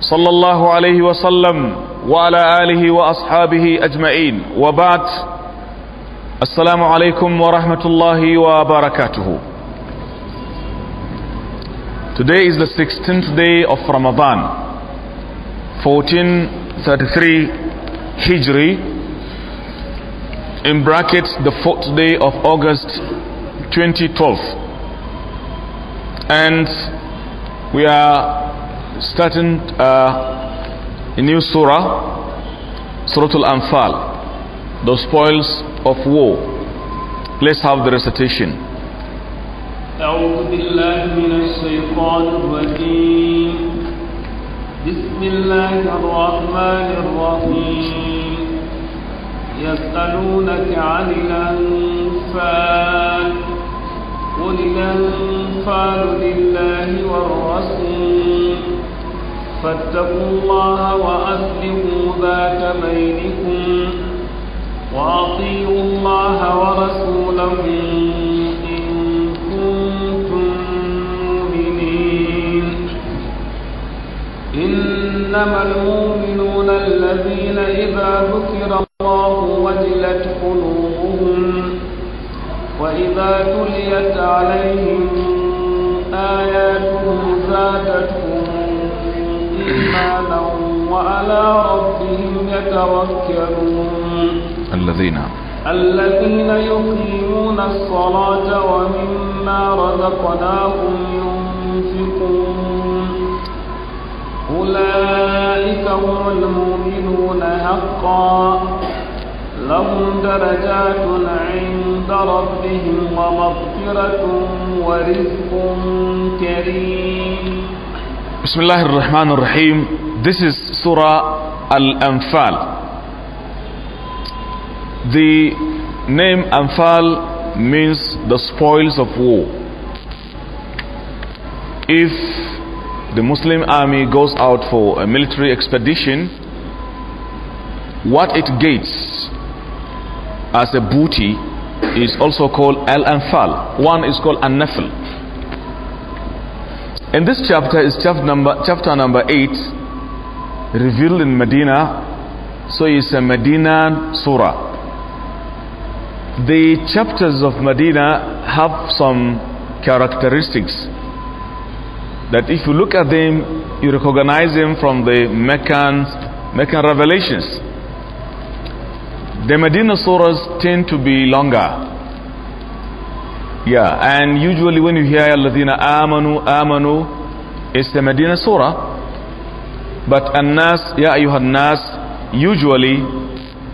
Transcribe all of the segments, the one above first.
صلى الله عليه وسلم وعلى آله وأصحابه أجمعين وبعد السلام عليكم ورحمة الله وبركاته Today is the 16th day of Ramadan 1433 Hijri in brackets the 4th day of August 2012 and we are starting uh, a new surah, Surah Al-Anfal, the spoils of war. Let's have the recitation. أعوذ بالله من الشيطان الرجيم بسم الله الرحمن الرحيم يسألونك عن الأنفال قل الأنفال لله والرسول فاتقوا الله وأسلموا ذات بينكم وأطيعوا الله ورسوله إن كنتم مؤمنين إنما المؤمنون الذين إذا ذكر الله وجلت قلوبهم وإذا تليت عليهم آياته زادتهم إيمانا وعلى ربهم يتوكلون الذين الذين يقيمون الصلاة ومما رزقناهم ينفقون أولئك هم المؤمنون حقا لهم درجات عند ربهم ومغفرة ورزق كريم بسم الله الرحمن الرحيم This is Surah Al-Anfal The name Anfal means the spoils of war If the Muslim army goes out for a military expedition what it gets? as a booty is also called al-anfal. One is called an-nafl. In this chapter is chapter number, chapter number 8, revealed in Medina. So it's a Medina surah. The chapters of Medina have some characteristics that if you look at them, you recognize them from the Meccan, Meccan revelations. The Medina surahs tend to be longer. Yeah, and usually when you hear Ladina Amanu, Amanu, it's the Medina surah. But annas yeah, Ya have Nas, usually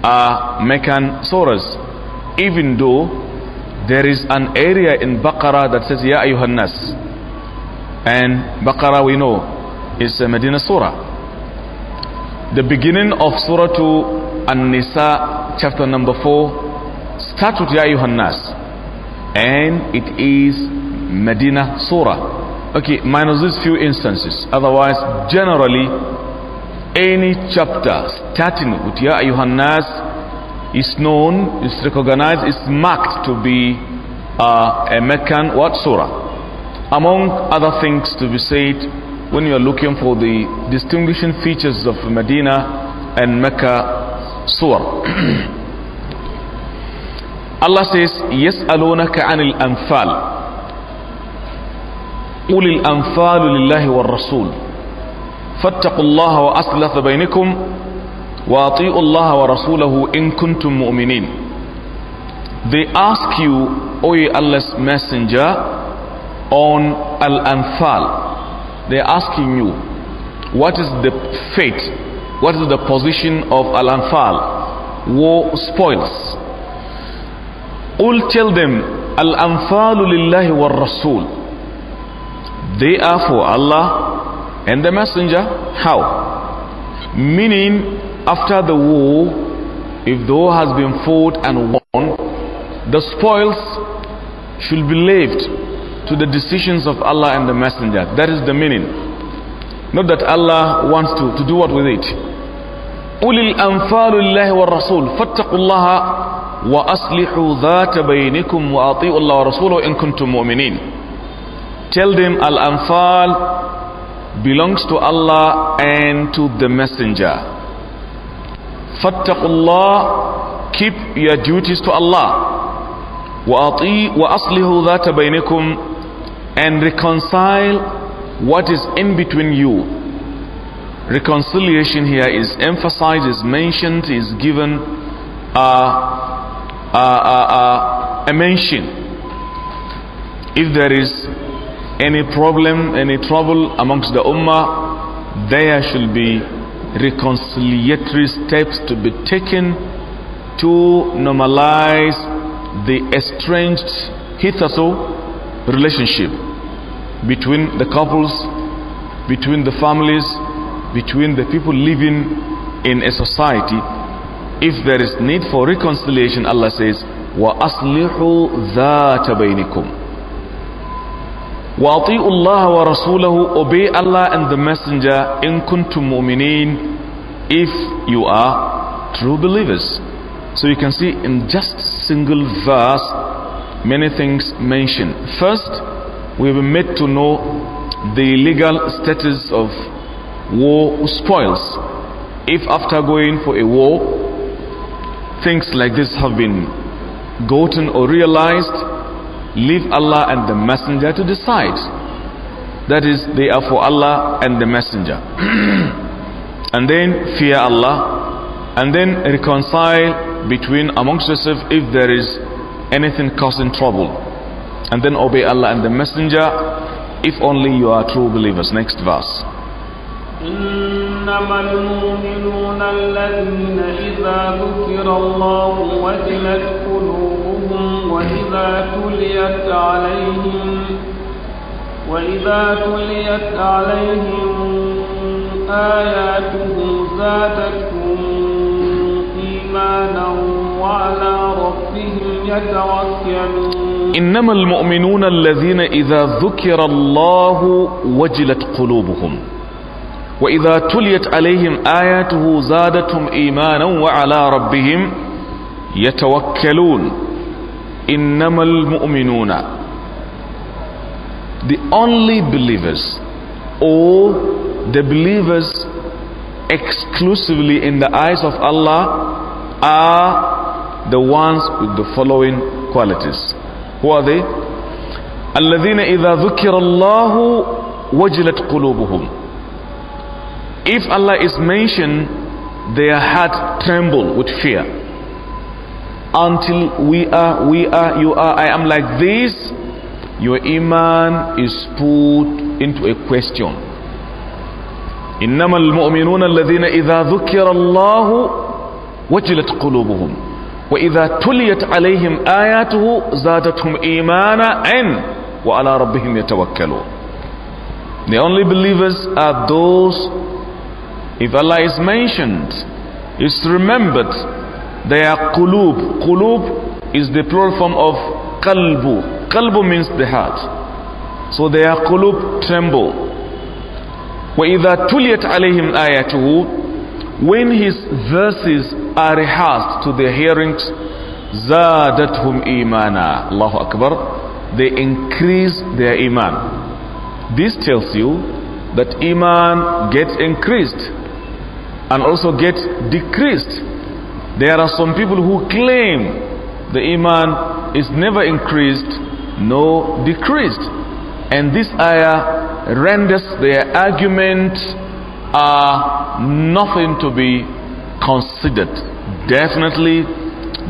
are Meccan surahs. Even though there is an area in Baqarah that says Ya have Nas. And Baqarah we know is a Medina surah. The beginning of Surah to An-Nisa chapter number 4 starts with Ya Yohannas and it is Medina Surah okay minus these few instances otherwise generally any chapter starting with Ya Yohannas is known is recognized is marked to be uh, a Meccan what Surah among other things to be said when you are looking for the distinguishing features of Medina and Mecca صور الله says, يسألونك عن الأنفال أولي الأنفال لله والرسول فاتقوا الله وأصلح بينكم وأطيعوا الله ورسوله إن كنتم مؤمنين They ask you, O Allah's messenger, on Al-Anfal. They're asking you, what is the fate What is the position of Al-Anfal? War spoils. Ul tell them, Al-Anfalu lillahi wa Rasul. They are for Allah and the Messenger. How? Meaning, after the war, if the war has been fought and won, the spoils should be left to the decisions of Allah and the Messenger. That is the meaning. Not that Allah wants to, to do what with it. قل الأنفال الله والرسول فاتقوا الله وأصلحوا ذات بينكم وأطيعوا الله ورسوله إن كنتم مؤمنين Tell them Al-Anfal belongs to Allah and to the messenger. فاتقوا الله keep your duties to Allah وأصلحوا ذات بينكم and reconcile what is in between you reconciliation here is emphasized, is mentioned, is given uh, uh, uh, a mention. If there is any problem, any trouble amongst the Ummah, there should be reconciliatory steps to be taken to normalize the estranged hitherto relationship between the couples, between the families, between the people living in a society if there is need for reconciliation Allah says "Wa وَأَصْلِحُوا Wa بَيْنِكُمْ Allah wa وَرَسُولَهُ Obey Allah and the Messenger in kuntum mu'mineen if you are true believers. So you can see in just single verse many things mentioned. First, we were made to know the legal status of war spoils. If after going for a war, things like this have been gotten or realized, leave Allah and the Messenger to decide. That is, they are for Allah and the Messenger. and then fear Allah, and then reconcile between amongst yourselves if there is anything causing trouble. And then obey Allah and the Messenger if only you are true believers. Next verse. إنما المؤمنون الذين إذا ذكر الله وجلت قلوبهم وإذا تليت عليهم وإذا تليت عليهم آياته زادتهم إيمانا وعلى ربهم يتوكلون إنما المؤمنون الذين إذا ذكر الله وجلت قلوبهم وإذا تليت عليهم آياته زادتهم إيمانا وعلى ربهم يتوكلون إنما المؤمنون the only believers or the believers exclusively in the eyes of Allah are the ones with the following qualities who are they الذين إذا ذكر الله وجلت قلوبهم if Allah is mentioned, their heart tremble with fear. Until we are, we are, you are, I am like this, your iman is put into a question. إنما المؤمنون الذين إذا ذكر الله وجلت قلوبهم وإذا تليت عليهم آياته زادتهم إيمانا and وعلى ربهم يتوكلون The only believers are those if Allah is mentioned, is remembered, they are qulub. Qulub is the plural form of qalbu. Qalbu means the heart. So they are qulub, tremble. وَإِذَا تُلِيَتْ عَلَيْهِمْ آيَاتُهُ When his verses are rehearsed to the hearings, زَادَتْهُمْ إِيمَانًا Allahu Akbar. They increase their iman. This tells you that iman gets increased and also get decreased. There are some people who claim the iman is never increased nor decreased. And this ayah renders their argument are uh, nothing to be considered. Definitely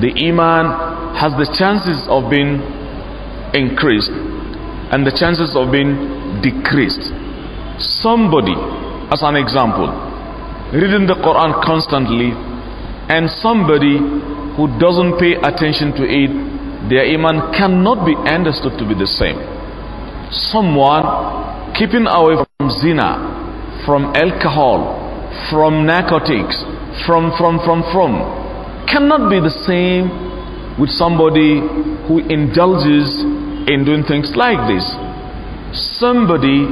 the iman has the chances of being increased and the chances of being decreased. Somebody, as an example, reading the Quran constantly, and somebody who doesn't pay attention to it, their iman cannot be understood to be the same. Someone keeping away from zina, from alcohol, from narcotics, from, from, from, from, cannot be the same with somebody who indulges in doing things like this. Somebody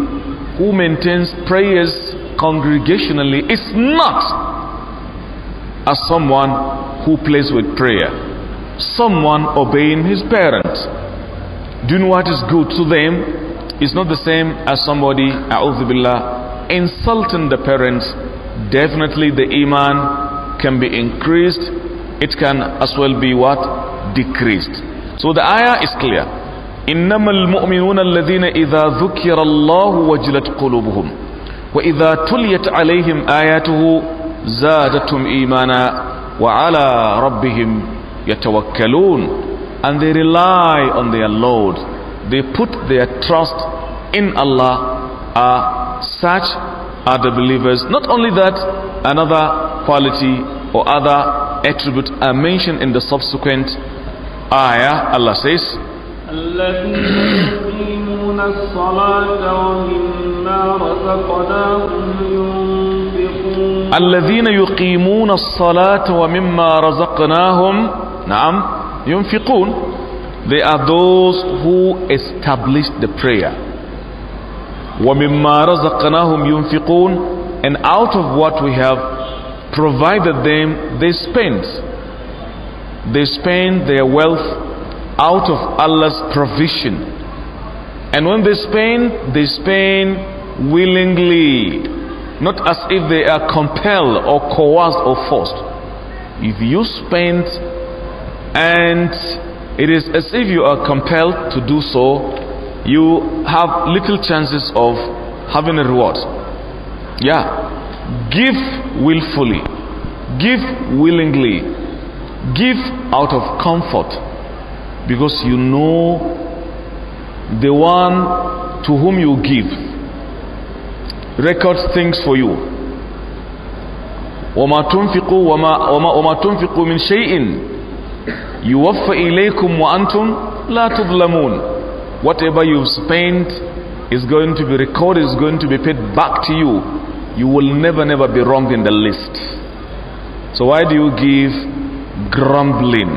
who maintains prayers congregationally is not as someone who plays with prayer, someone obeying his parents, doing what is good to them is not the same as somebody, billah, insulting the parents. Definitely the iman can be increased, it can as well be what? Decreased. So the ayah is clear. إنما المؤمنون الذين إذا ذكر الله وجلت قلوبهم وإذا تليت عليهم آياته زادتهم إيمانا وعلى ربهم يتوكلون and they rely on their Lord they put their trust in Allah uh, such are the believers not only that another quality or other attribute are mentioned in the subsequent ayah Allah says الصلاة ومما رزقناهم ينفقون الذين يقيمون الصلاة ومما رزقناهم نعم ينفقون They are those who established the prayer. وَمِمَّا رَزَقْنَاهُمْ يُنْفِقُونَ And out of what we have provided them, they spend. They spend their wealth out of Allah's provision. And when they spend, they spend willingly, not as if they are compelled or coerced or forced. If you spend and it is as if you are compelled to do so, you have little chances of having a reward. Yeah. Give willfully, give willingly, give out of comfort because you know the one to whom you give records things for you وما تنفقوا وما وما وما تنفقوا من شيء يوفى إليكم وأنتم لا تظلمون whatever you've spent is going to be recorded is going to be paid back to you you will never never be wrong in the list so why do you give grumbling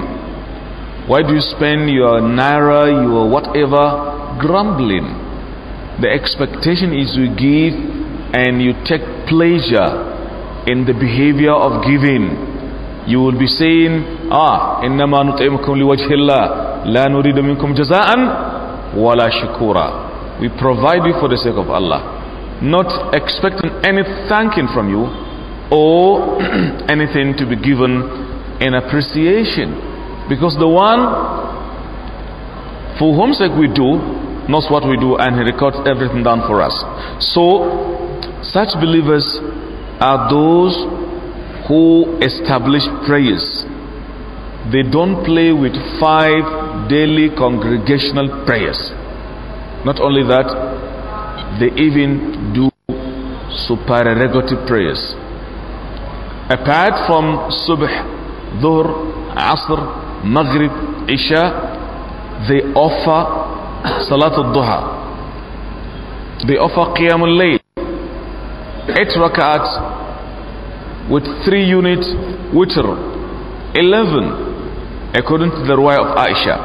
why do you spend your naira your whatever grumbling. The expectation is you give and you take pleasure in the behavior of giving. You will be saying, Ah, إنما نطعمكم لوجه الله لا نريد منكم جزاء ولا We provide you for the sake of Allah, not expecting any thanking from you or anything to be given in appreciation. Because the one for whom sake we do, knows what we do, and he records everything done for us. So, such believers are those who establish prayers. They don't play with five daily congregational prayers. Not only that, they even do supererogative prayers. Apart from Subh, Dhuhr, Asr, Maghrib, Isha, they offer Salatul Duha. They offer Qiyamul Layl. Eight rak'at with three unit witr. Eleven according to the riwayah of Aisha.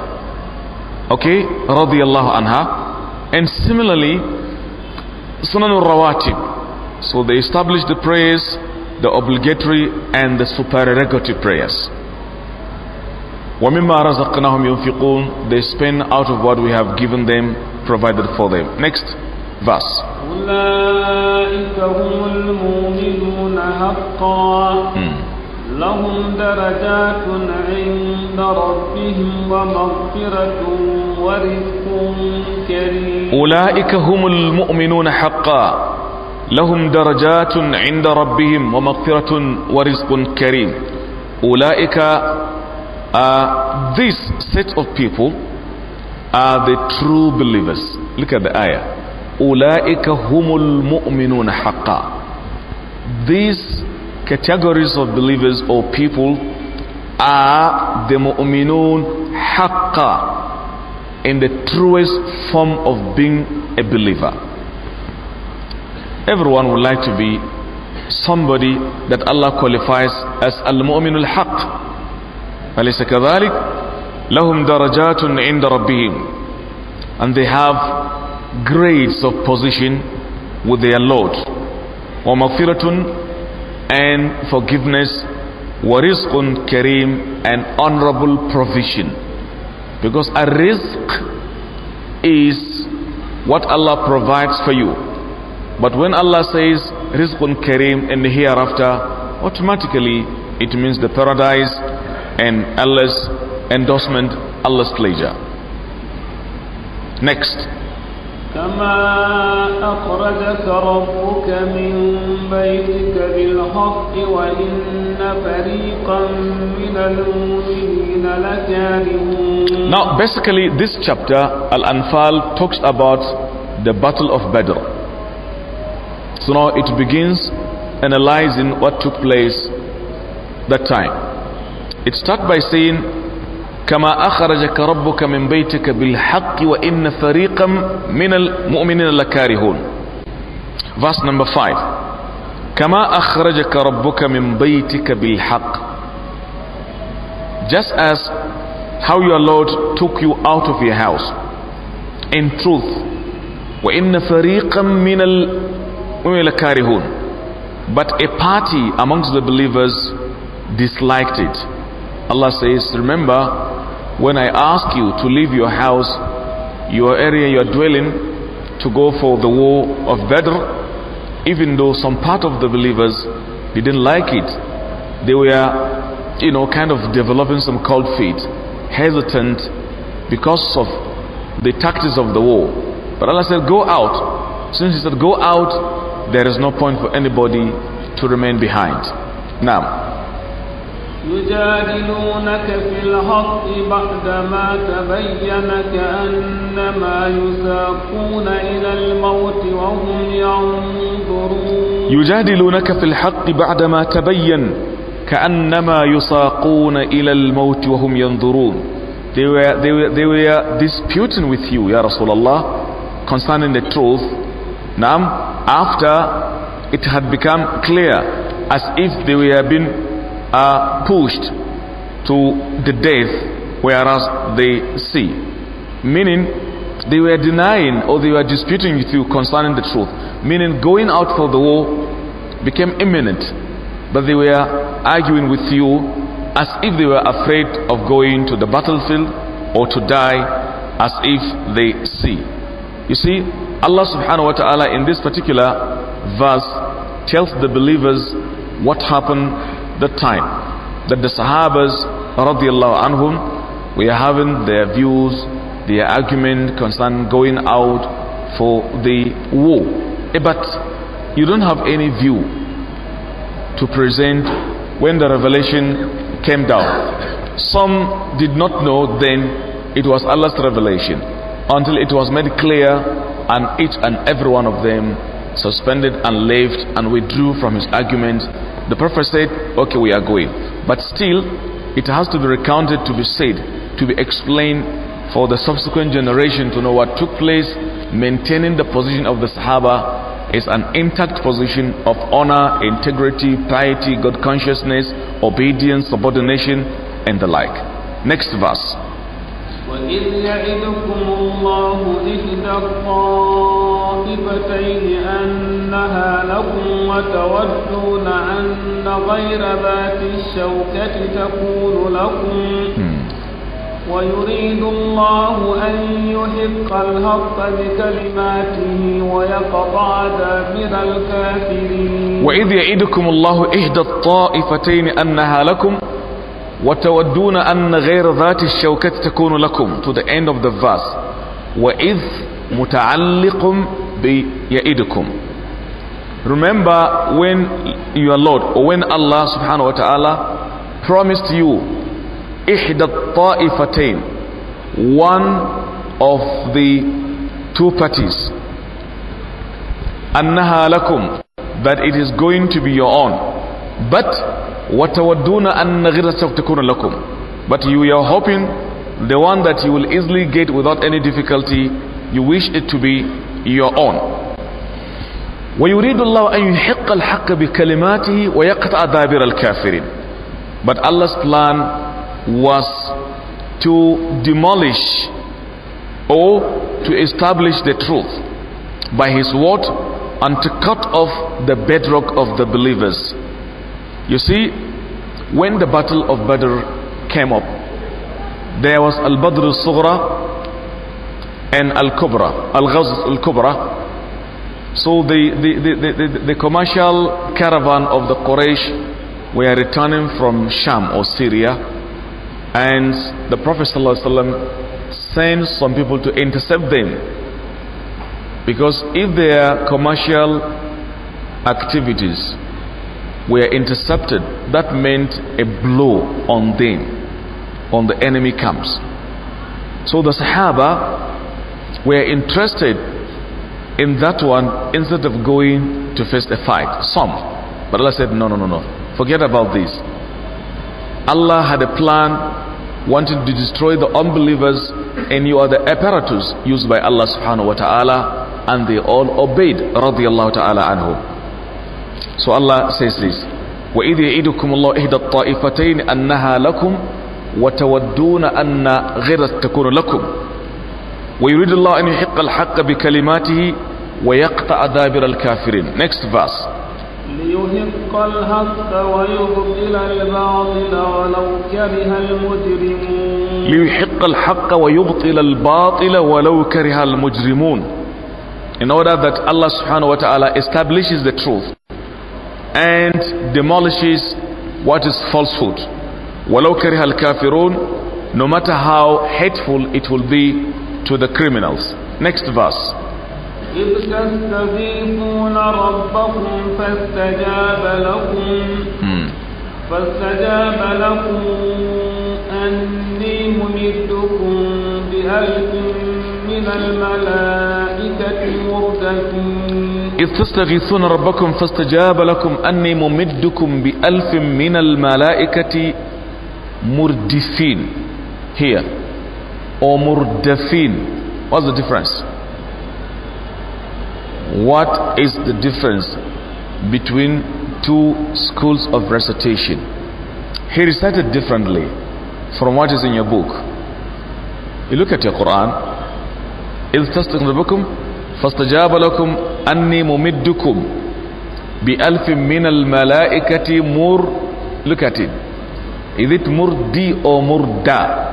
Okay? Radiallahu anha. And similarly, sunanul rawati. rawatib So they establish the prayers, the obligatory and the supererogative prayers. وَمِمَّا رَزَقْنَاهُمْ يُنْفِقُونَ They spend out of what we have given them, provided for them. Next verse. أُولَٰئِكَ هُمُ الْمُؤْمِنُونَ حَقًّا hmm. لهم درجات عند ربهم ومغفرة ورزق كريم أولئك هم المؤمنون حقا لهم درجات عند ربهم ومغفرة ورزق كريم أولئك Uh, this set of people are the true believers. Look at the ayah. Ulaika humul mu'minun haqqa. These categories of believers or people are the mu'minun haqqa in the truest form of being a believer. Everyone would like to be somebody that Allah qualifies as al-mu'minul haqq أليس كذلك لهم درجات عند ربهم and they have grades of position with their Lord ومغفرة and forgiveness ورزق كريم and honorable provision because a risk is what Allah provides for you but when Allah says rizqun kareem in the hereafter automatically it means the paradise and Allah's endorsement, Allah's pleasure. Next. كما أخرجك ربك من بيتك بالحق وإن فريقا من المؤمنين لكارهون Now basically this chapter Al-Anfal talks about the battle of Badr. So now it begins analyzing what took place that time. It starts by saying, كما أخرجك ربك من بيتك بالحق وإن فريقا من المؤمنين لكارهون Verse number 5 كما أخرجك ربك من بيتك بالحق Just as how your Lord took you out of your house in truth وإن فريقا من المؤمنين لكارهون But a party amongst the believers disliked it Allah says, Remember, when I ask you to leave your house, your area, your dwelling, to go for the war of Badr, even though some part of the believers didn't like it, they were, you know, kind of developing some cold feet, hesitant because of the tactics of the war. But Allah said, Go out. Since He said, Go out, there is no point for anybody to remain behind. Now, يجادلونك في الحق بعدما تبين كأنما يساقون إلى الموت وهم ينظرون يجادلونك في الحق بعدما تبين كأنما يساقون إلى الموت وهم ينظرون they were, they were, they were disputing with you يا رسول الله concerning the truth now نعم. after it had become clear as if they were being are pushed to the death, whereas they see. Meaning, they were denying or they were disputing with you concerning the truth. Meaning, going out for the war became imminent, but they were arguing with you as if they were afraid of going to the battlefield or to die, as if they see. You see, Allah subhanahu wa ta'ala in this particular verse tells the believers what happened the time that the Sahabas radiallahu anhum were having their views, their argument concerning going out for the war. Eh, but you don't have any view to present when the revelation came down. Some did not know then it was Allah's revelation until it was made clear and each and every one of them suspended and left and withdrew from his argument the Prophet said, Okay, we are going. But still, it has to be recounted, to be said, to be explained for the subsequent generation to know what took place. Maintaining the position of the Sahaba is an intact position of honor, integrity, piety, God consciousness, obedience, subordination, and the like. Next verse. وإذ يعدكم الله إحدى طائفتين أنها لكم وتودون أن غير ذات الشوكة تكون لكم ويريد الله أن يحق الحق بكلماته ويقطع دابر الكافرين وإذ يعدكم الله إحدى الطائفتين أنها لكم وتودون أن غير ذات الشوكة تكون لكم to the end of the verse وإذ muta'alliqum bi Remember when your Lord or when Allah subhanahu wa ta'ala promised you ihda ta'ifatain one of the two parties annaha lakum that it is going to be your own but watawadduna anna ghayra takuna lakum but you are hoping the one that you will easily get without any difficulty you wish it to be your own ويريد الله أن يحق الحق بكلماته ويقطع دابر الكافرين but Allah's plan was to demolish or to establish the truth by his word and to cut off the bedrock of the believers you see when the battle of Badr came up there was al-Badr al-Sughra and Al-Kubra, al ghaz Al-Kubra. So the, the, the, the, commercial caravan of the Quraysh were returning from Sham or Syria and the Prophet ﷺ sent some people to intercept them because if their commercial activities were intercepted that meant a blow on them on the enemy camps so the Sahaba were interested in that one instead of going to face a fight. Some. But Allah said, no, no, no, no. Forget about this. Allah had a plan, wanted to destroy the unbelievers, and you are the apparatus used by Allah subhanahu wa ta'ala, and they all obeyed, radiallahu ta'ala anhu. So Allah says this, وَإِذْ يَعِدُكُمُ اللَّهُ إِهْدَى الطَّائِفَتَيْنِ أَنَّهَا لَكُمْ وَتَوَدُّونَ أَنَّ غَيْرَ تَكُونُ لَكُمْ ويريد الله أن يحق الحق بكلماته ويقطع دابر الكافرين next verse ليحق الحق ويبطل الباطل ولو كره المجرمون ليحق الحق ويبطل الباطل ولو كره المجرمون in order that Allah subhanahu wa ta'ala establishes the truth and demolishes what is falsehood. وَلَوْ كَرِهَ الْكَافِرُونَ No matter how hateful it will be to the criminals. Next verse. إذ تستغيثون ربكم فاستجاب لكم hmm. فاستجاب لكم أني ممدكم بألف من الملائكة مردفين إذ تستغيثون ربكم فاستجاب لكم أني ممدكم بألف من الملائكة مردفين here or murdafin. What's the difference? What is the difference between two schools of recitation? He recited differently from what is in your book. You look at your Quran. إذ تستقن فاستجاب لكم أني ممدكم بألف من الملائكة مر look at it is it murdi or murda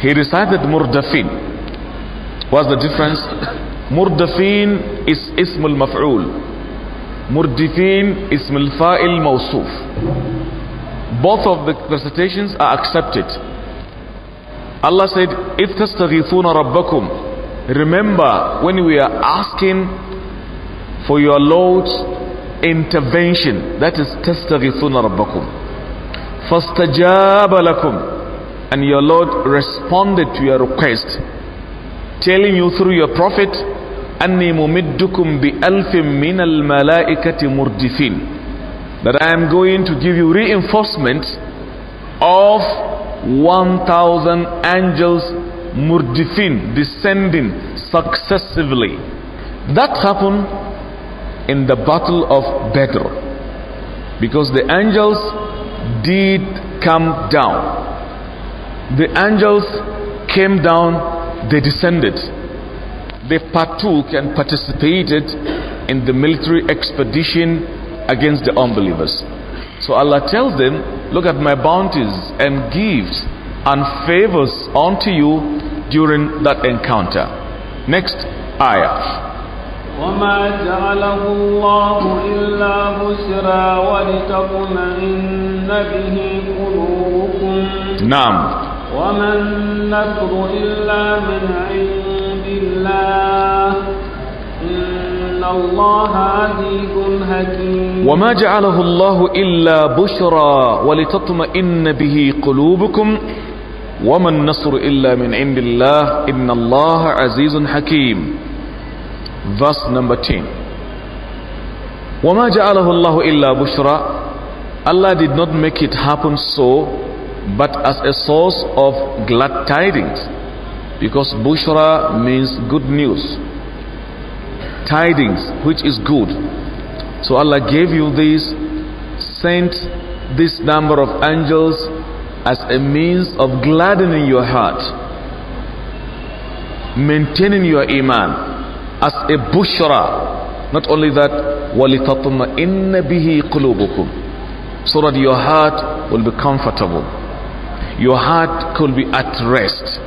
he recited Murdafin. What's the difference? Murdafin is Ismul Maf'ul. Murdifin Ismul Fa'il Mawsuf. Both of the recitations are accepted. Allah said, If tastaghithuna rabbakum, remember when we are asking for your Lord's intervention, that is tastaghithuna rabbakum. فَاسْتَجَابَ لَكُمْ and your Lord responded to your request, telling you through your prophet, that I am going to give you reinforcement of 1,000 angels murdifin descending successively. That happened in the battle of Badr because the angels did come down the angels came down, they descended. They partook and participated in the military expedition against the unbelievers. So Allah tells them, Look at my bounties and gifts and favors unto you during that encounter. Next ayah. وما جعله الله إلا بشرى ولتطمئن به قلوبكم نعم وما النكر إلا من عند الله إن الله عزيز حكيم وما جعله الله إلا بشرى ولتطمئن به قلوبكم وما النصر إلا من عند الله إن الله عزيز حكيم verse number 10 وما جعله الله إلا بشرى Allah did not make it happen so but as a source of glad tidings because bushra means good news tidings which is good so allah gave you this sent this number of angels as a means of gladdening your heart maintaining your iman as a bushra not only that inna bihi qulubukum, so that your heart will be comfortable your heart could be at rest.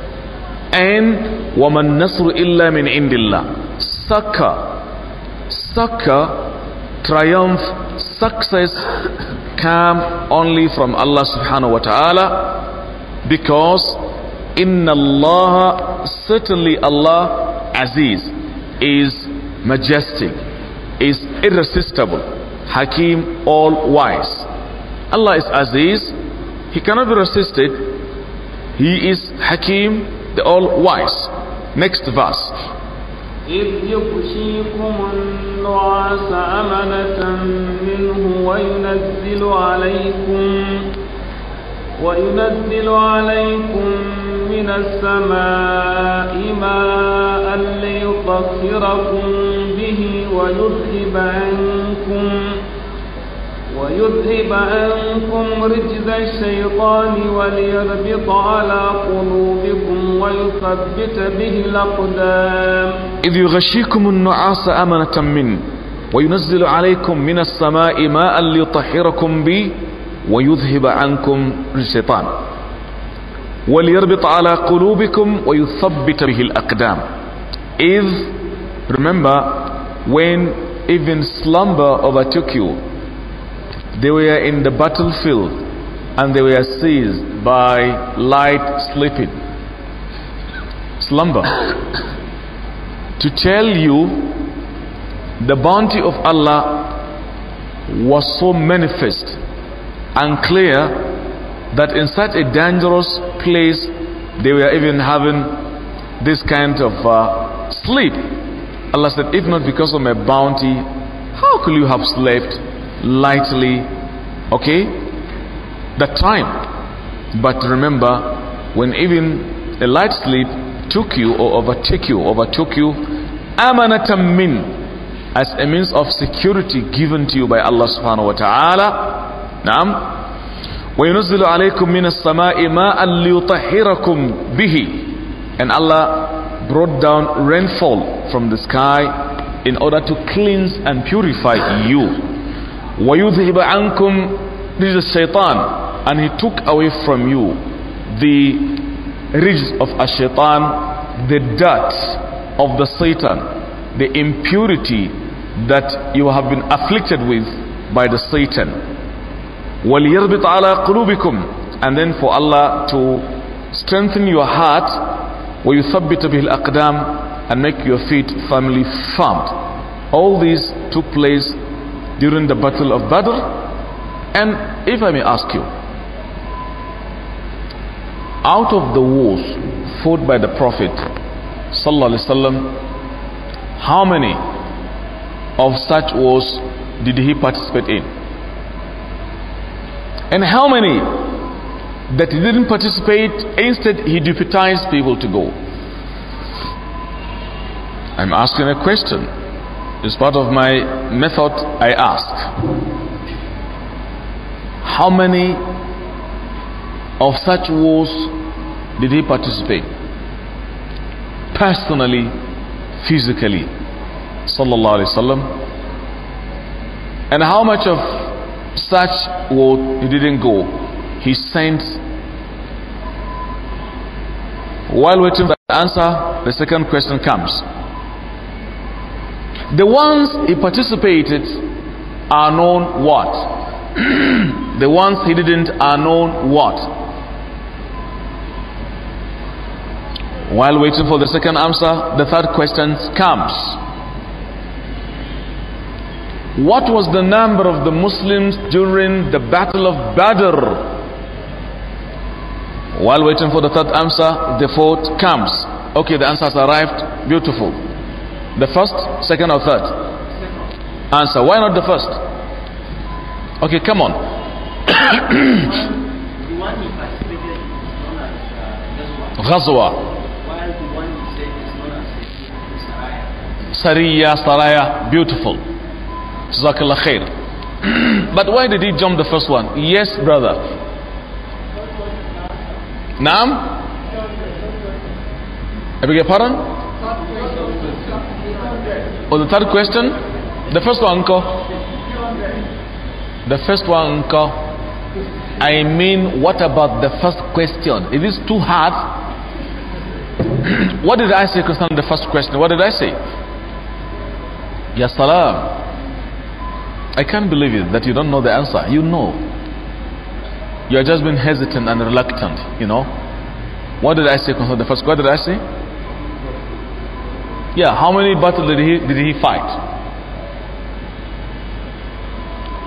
And وَمَن نَصْرُ إِلَّا مِنْ عِنْدِ اللَّهِ Succor, succor, triumph, success come only from Allah subhanahu wa ta'ala because inna Allah certainly Allah Aziz is majestic is irresistible Hakim all wise Allah is Aziz he cannot be resisted. He is Hakim, the all-wise. Next verse. إذ يغشيكم النعاس أمنة منه وينزل عليكم وينزل عليكم من السماء ماء ليطهركم به ويذهب عنكم ويذهب عنكم رجز الشيطان وليربط على قلوبكم ويثبت به الأقدام إذ يغشيكم النعاس أمنة منه وينزل عليكم من السماء ماء ليطهركم به ويذهب عنكم الشيطان وليربط على قلوبكم ويثبت به الأقدام إذ remember when even slumber overtook you They were in the battlefield and they were seized by light sleeping, slumber. to tell you the bounty of Allah was so manifest and clear that in such a dangerous place they were even having this kind of uh, sleep. Allah said, If not because of my bounty, how could you have slept? lightly okay That time but remember when even a light sleep took you or overtook you overtook you amanatam min as a means of security given to you by Allah subhanahu wa ta'ala نعم وينزل عليكم من السماء ماء ليطهركم به and Allah brought down rainfall from the sky in order to cleanse and purify you وَيُذْهِبَ عَنْكُمْ رِجْزَ الشَّيْطَانِ And he took away from you the ridges of a shaitan, the dirt of the Satan, the impurity that you have been afflicted with by the Satan. وَلْيَرْبِطْ عَلَىٰ قُلُوبِكُمْ And then for Allah to strengthen your heart وَيُثَبِّتَ بِهِ الْأَقْدَامِ And make your feet firmly firm. All these took place during the battle of Badr and if I may ask you out of the wars fought by the Prophet sallallahu alaihi wasallam how many of such wars did he participate in and how many that he didn't participate instead he deputized people to go I'm asking a question is part of my method, I ask, how many of such wars did he participate? Personally, physically, sallallahu alaihi wasallam. And how much of such war he didn't go? He sent while waiting for the answer, the second question comes. The ones he participated are known what? the ones he didn't are known what? While waiting for the second answer, the third question comes. What was the number of the Muslims during the Battle of Badr? While waiting for the third answer, the fourth comes. Okay, the answers arrived. Beautiful. The first, second, or third? Answer. Why not the first? Okay, come on. Ghazwa. Sariya, Saraya, beautiful. Jazakallah khair. but why did he jump the first one? Yes, brother. Naam? I beg your pardon? Or oh, the third question? The first one, uncle. The first one, uncle. I mean, what about the first question? It is too hard. what did I say concerning the first question? What did I say? Ya salam. I can't believe it that you don't know the answer. You know. You are just being hesitant and reluctant, you know. What did I say concerning the first? What did I say? Yeah, how many battles did he, did he fight?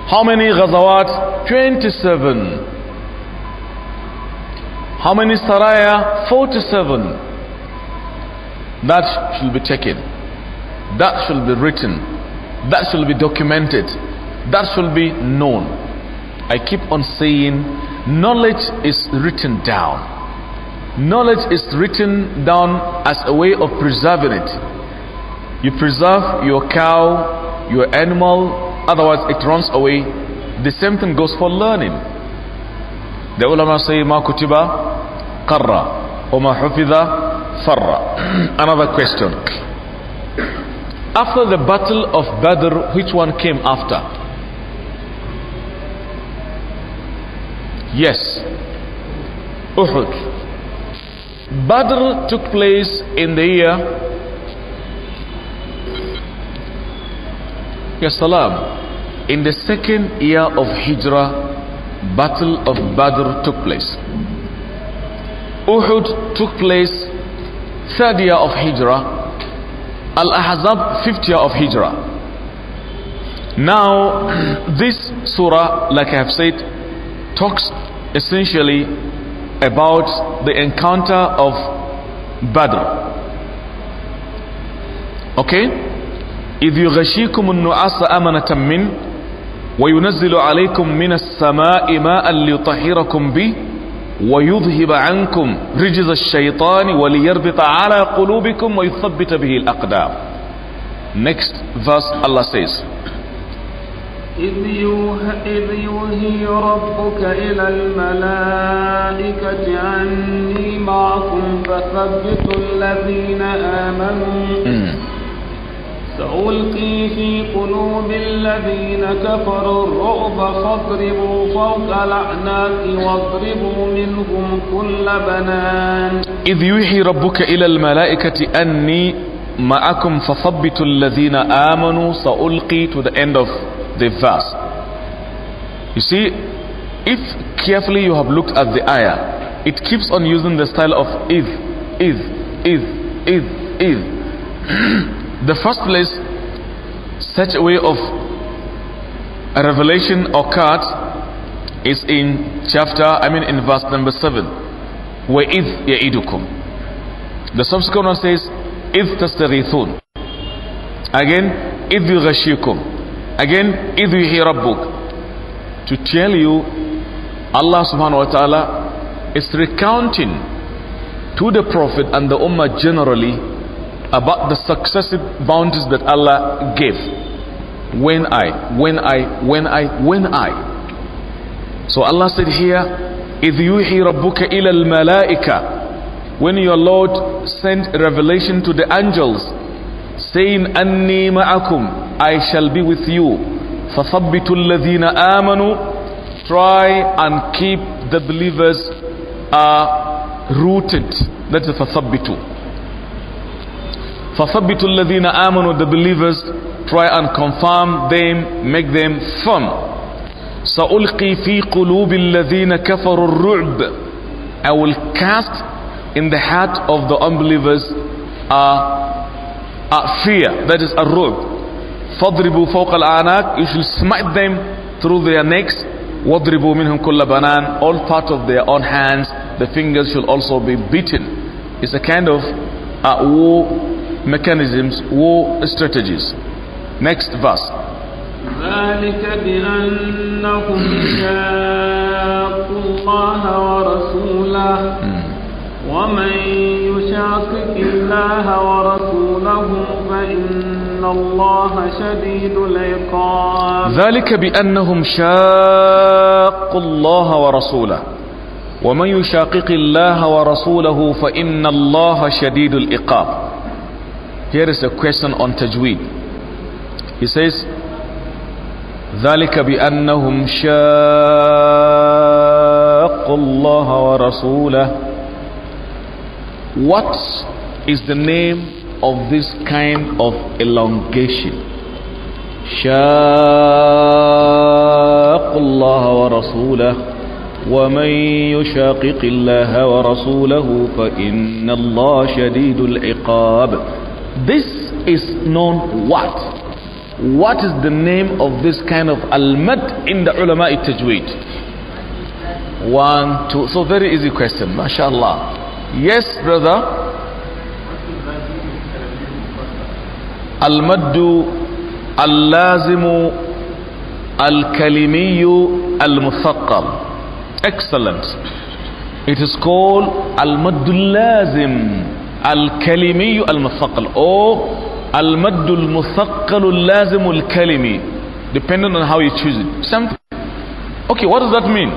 How many ghazawat? 27. How many saraya? 47. That should be taken. That should be written. That should be documented. That should be known. I keep on saying knowledge is written down knowledge is written down as a way of preserving it. You preserve your cow, your animal, otherwise it runs away. The same thing goes for learning. The ulama say, Ma kutiba qarra, o ma hufidha farra. Another question. After the battle of Badr, which one came after? Yes. Uhud. Badr took place in the year Salam. In the second year of Hijrah, Battle of Badr took place. Uhud took place third year of Hijrah. Al-Ahzab fifth year of Hijrah. Now, this surah, like I have said, talks essentially about the encounter of Badr. Okay? إذ يغشيكم النعاس أمنة من وينزل عليكم من السماء ماء ليطهركم به ويذهب عنكم رجز الشيطان وليربط على قلوبكم ويثبت به الأقدام Next verse Allah says إذ يوحي, إذ يوهي ربك إلى الملائكة أني معكم فثبتوا الذين آمنوا سألقي في قلوب الذين كفروا الرعب فاضربوا فوق الأعناق واضربوا منهم كل بنان إذ يوحي ربك إلى الملائكة أني معكم فثبتوا الذين آمنوا سألقي to the end of the verse. You see, if carefully you have looked at the ayah, it keeps on using the style of is, is, is, is, is. the first place, such a way of a revelation occurred is in chapter, I mean in verse number 7. وَإِذْ يَعِدُكُمْ The subsequent one says, إِذْ تَسْتَغِيثُونَ Again, إِذْ يُغَشِيكُمْ Again, hear a book To tell you, Allah subhanahu wa ta'ala is recounting to the Prophet and the Ummah generally about the successive bounties that Allah gave. When I, when I, when I, when I. So Allah said here, إِذْ يُوحِي رَبُّكَ إِلَى الْمَلَائِكَةِ When your Lord sent revelation to the angels, saying anni ma'akum I shall be with you فَثَبِّتُ الَّذِينَ آمَنُوا try and keep the believers are uh, rooted that is فَثَبِّتُ فَثَبِّتُ الَّذِينَ آمَنُوا the believers try and confirm them make them firm سألقي في قلوب الذين كفروا الرعب I will cast in the heart of the unbelievers uh, uh, fear, that is a rug. فَضْرِبُوا فَوْقَ anak, You should smite them through their necks. وَضْرِبُوا minhum kulla banan, All part of their own hands, the fingers should also be beaten. It's a kind of uh, war mechanisms, war strategies. Next verse. ذلك بأنهم شاقوا الله ورسوله hmm. ومن يعص الله ورسوله فإن الله شديد العقاب ذلك بأنهم شاقوا الله ورسوله ومن يشاقق الله ورسوله فإن الله شديد العقاب Here is a question on Tajweed. He says, ذلك بأنهم شاقوا الله ورسوله What is the name of this kind of elongation? wa الله ورسوله ومن wa الله fa inna الله شديد العقاب This is known what? What is the name of this kind of al-mad in the ulama tajweed? One, two, so very easy question, mashallah. Yes, brother. المد اللازم الكلمي المثقل excellent it is called المد اللازم الكلمي المثقل or المد المثقل اللازم الكلمي depending on how you choose it something okay what does that mean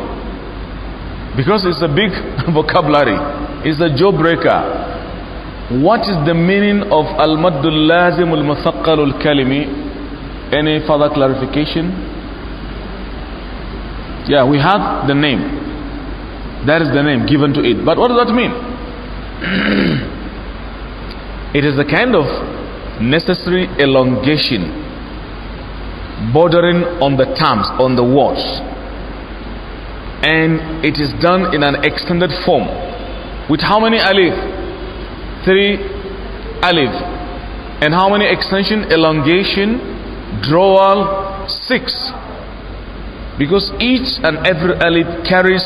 because it's a big vocabulary. It's a jawbreaker. What is the meaning of al-maddul lazim al-muthaqqal al-kalimi? Any further clarification? Yeah, we have the name. That is the name given to it. But what does that mean? it is a kind of necessary elongation bordering on the terms, on the words and it is done in an extended form with how many alif three alif and how many extension elongation drawal six because each and every alif carries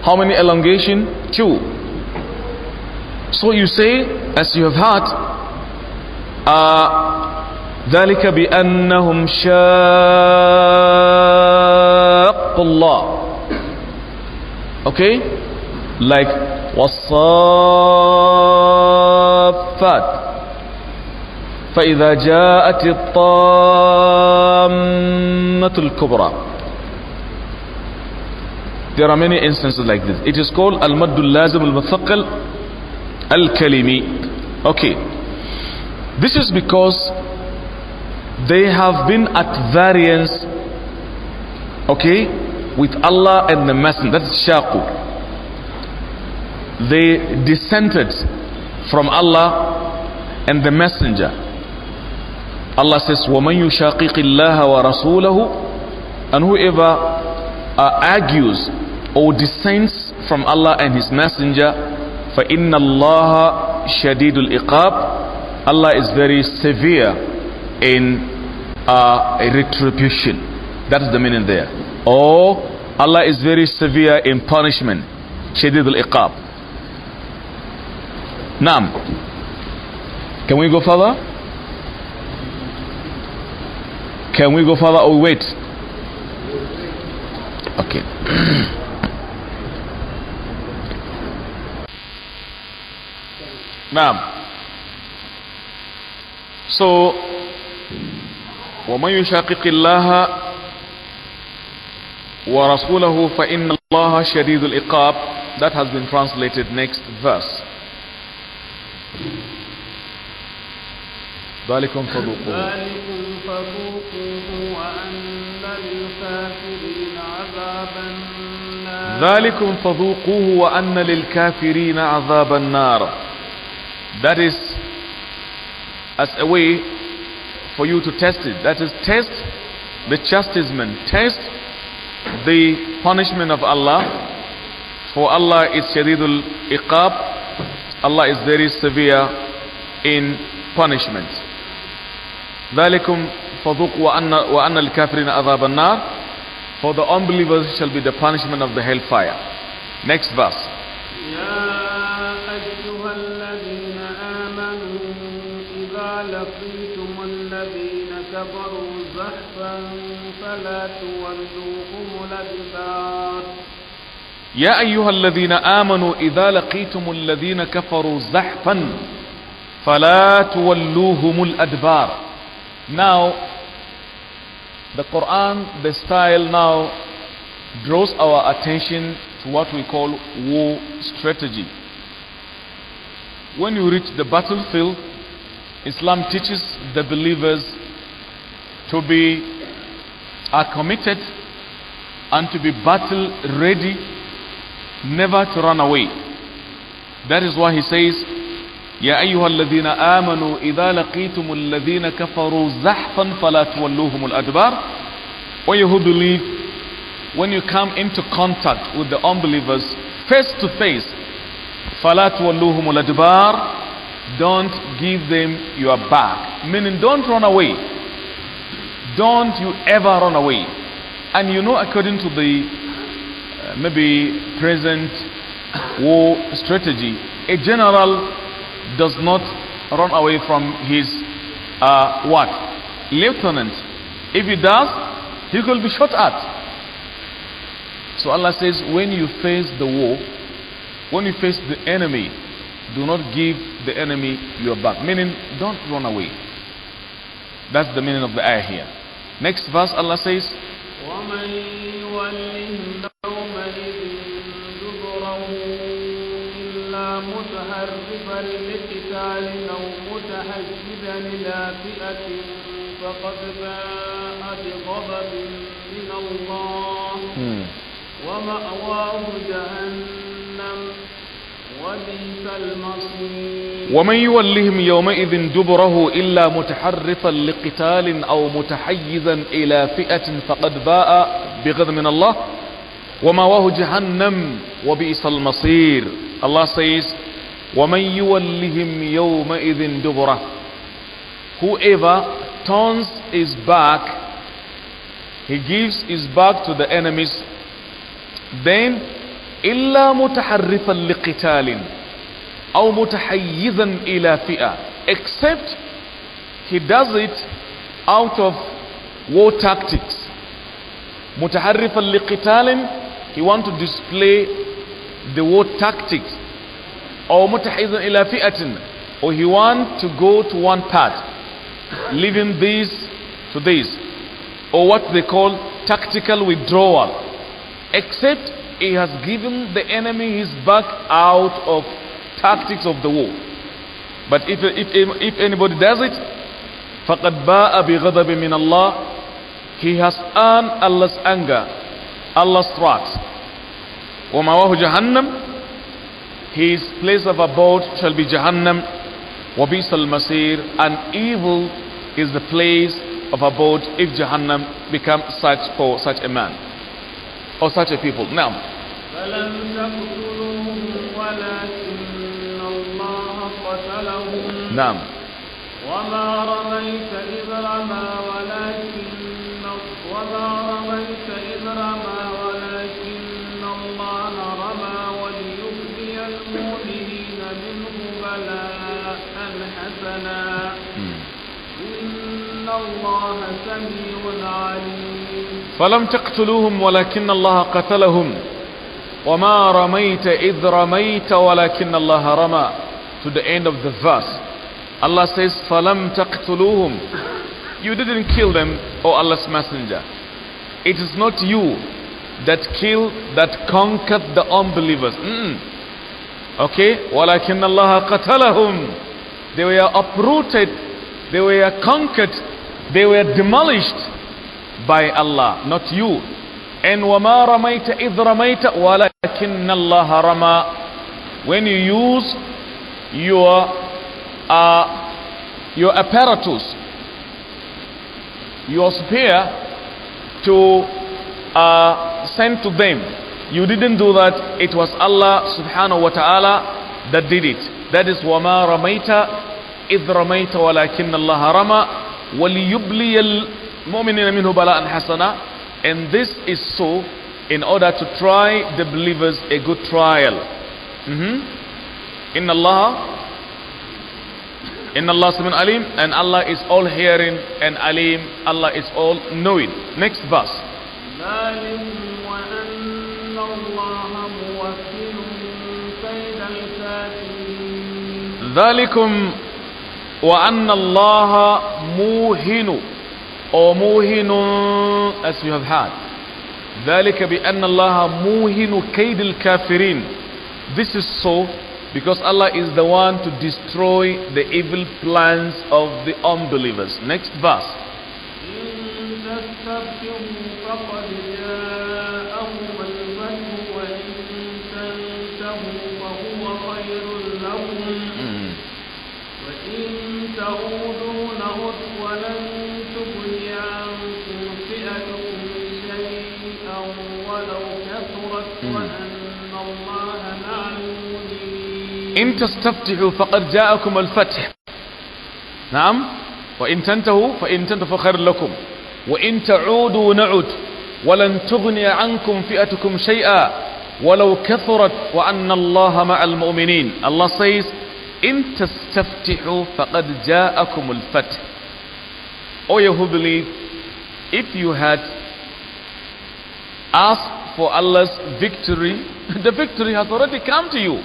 how many elongation two so you say as you have heard uh, ذلك بأنهم شاقوا الله Okay? Like والصافات فإذا جاءت الطامة الكبرى There are many instances like this. It is called al-maddul al اللازم al-kalimi. Okay. This is because they have been at variance okay with Allah and the Messenger. That's shaqu. They dissented from Allah and the Messenger. Allah says, وَمَنْ يُشَاقِقِ اللَّهَ وَرَسُولَهُ And whoever uh, argues or dissents from Allah and His Messenger, فَإِنَّ اللَّهَ شَدِيدُ الْإِقَابِ Allah is very severe in uh, retribution. That is the meaning there. Or oh, Allah is very severe in punishment. شديد iqab. Nam, Can we go further? Can we go further or oh, wait? Okay. Nam. so ومن يشاقق الله ورسوله فإن الله شديد العقاب that has been translated next verse ذلكم فذوقوه ذلكم فذوقوه وأن للكافرين عذاب النار ذلكم فذوقوه وأن للكافرين عذاب النار that is as a way for you to test it that is test the chastisement test the punishment of Allah. For Allah is shadidul iqab. Allah is very severe in punishment. ذلكم فذوق وأن, الكافرين أذاب النار For the unbelievers shall be the punishment of the hellfire. Next verse. لقيتم الذين كفروا زحفا فلا تولوا يا أيها الذين آمنوا إذا لقيتم الذين كفروا زحفا فلا تولوهم الأدبار Now the Quran the style now draws our attention to what we call war strategy. When you reach the battlefield, Islam teaches the believers to be are committed and to be battle ready, never to run away. That is why he says, "Ya أيها الذين آمنوا إذا لقيتم الذين كفروا زحفا فلا تولوهم الأدبار When you who believe, when you come into contact with the unbelievers face to face, فلا تولوهم الأدبار Don't give them your back. Meaning don't run away. Don't you ever run away. And you know, according to the uh, maybe present war strategy, a general does not run away from his uh, what? Lieutenant. If he does, he will be shot at. So Allah says, when you face the war, when you face the enemy, do not give the enemy your back. Meaning, don't run away. That's the meaning of the ayah here. Next verse, Allah says, ومن يوله يومئذ دبره إلا متحرفا لقتال أو متحيزا إلى فقد باء بغضب من الله ومأواه جهنم ومن يولهم يومئذ دبره إلا متحرفا لقتال أو متحيزا إلى فئة فقد باء بغض من الله وما وهو جهنم وبئس المصير الله says ومن يولهم يومئذ دبره whoever turns his back he gives his back to the enemies then إلا متحرفا لقتال أو متحيزا إلى فئة except he does it out of war tactics متحرفا لقتال he want to display the war tactics أو متحيزا إلى فئة or he want to go to one path leaving this to this or what they call tactical withdrawal except he has given the enemy his back out of tactics of the war. But if, if, if anybody does it, فَقَدْ بَاءَ بِغَضَبٍ مِّنَ اللَّهِ He has earned Allah's anger, Allah's wrath. وَمَوَاهُ جَهَنَّمْ His place of abode shall be Jahannam. وَبِيسَ الْمَسِيرِ And evil is the place of abode if Jahannam becomes such for such a man or such a people. Now, فلم تقتلوهم ولكن الله قتلهم نعم وما رميت إذ رمى ولكن وما رميت إذ رمى ولكن الله رمى وليبلي المؤمنين منه بلاء حسنا إن الله سميع عليم فلم تقتلوهم ولكن الله قتلهم وما رميت إذ رميت ولكن الله رمى to the end of the verse Allah says فلم تقتلوهم you didn't kill them O Allah's messenger it is not you that killed that conquered the unbelievers mm. okay ولكن الله قتلهم they were uprooted they were conquered they were demolished by Allah not you and wama رَمَيْتَ إِذْ رَمَيْتَ وَلَكِنَّ اللَّهَ رَمَى When you use your, uh, your apparatus, your spear to uh, send to them. You didn't do that. It was Allah subhanahu wa ta'ala that did it. That wama وَمَا رَمَيْتَ إِذْ رَمَيْتَ وَلَكِنَّ اللَّهَ رَمَى وَلِيُبْلِيَ الْمُؤْمِنِينَ مِنْهُ بَلَاءً حَسَنًا and this is so in order to try the believers a good trial. In Allah, in Allah subhanahu alim, and Allah is all hearing and alim, Allah is all knowing. Next verse. ذلكم وأن الله موهن or as you have had ذلك بأن الله موهن كيد الكافرين This is so because Allah is the one to destroy the evil plans of the unbelievers. Next verse. Mm. إن تستفتحوا فقد جاءكم الفتح نعم وإن تنتهوا فإن تنتهوا فخير لكم وإن تعودوا نعد ولن تغني عنكم فئتكم شيئا ولو كثرت وأن الله مع المؤمنين الله says إن تستفتحوا فقد جاءكم الفتح O oh you who believe if you had asked for Allah's victory, the victory has already come to you.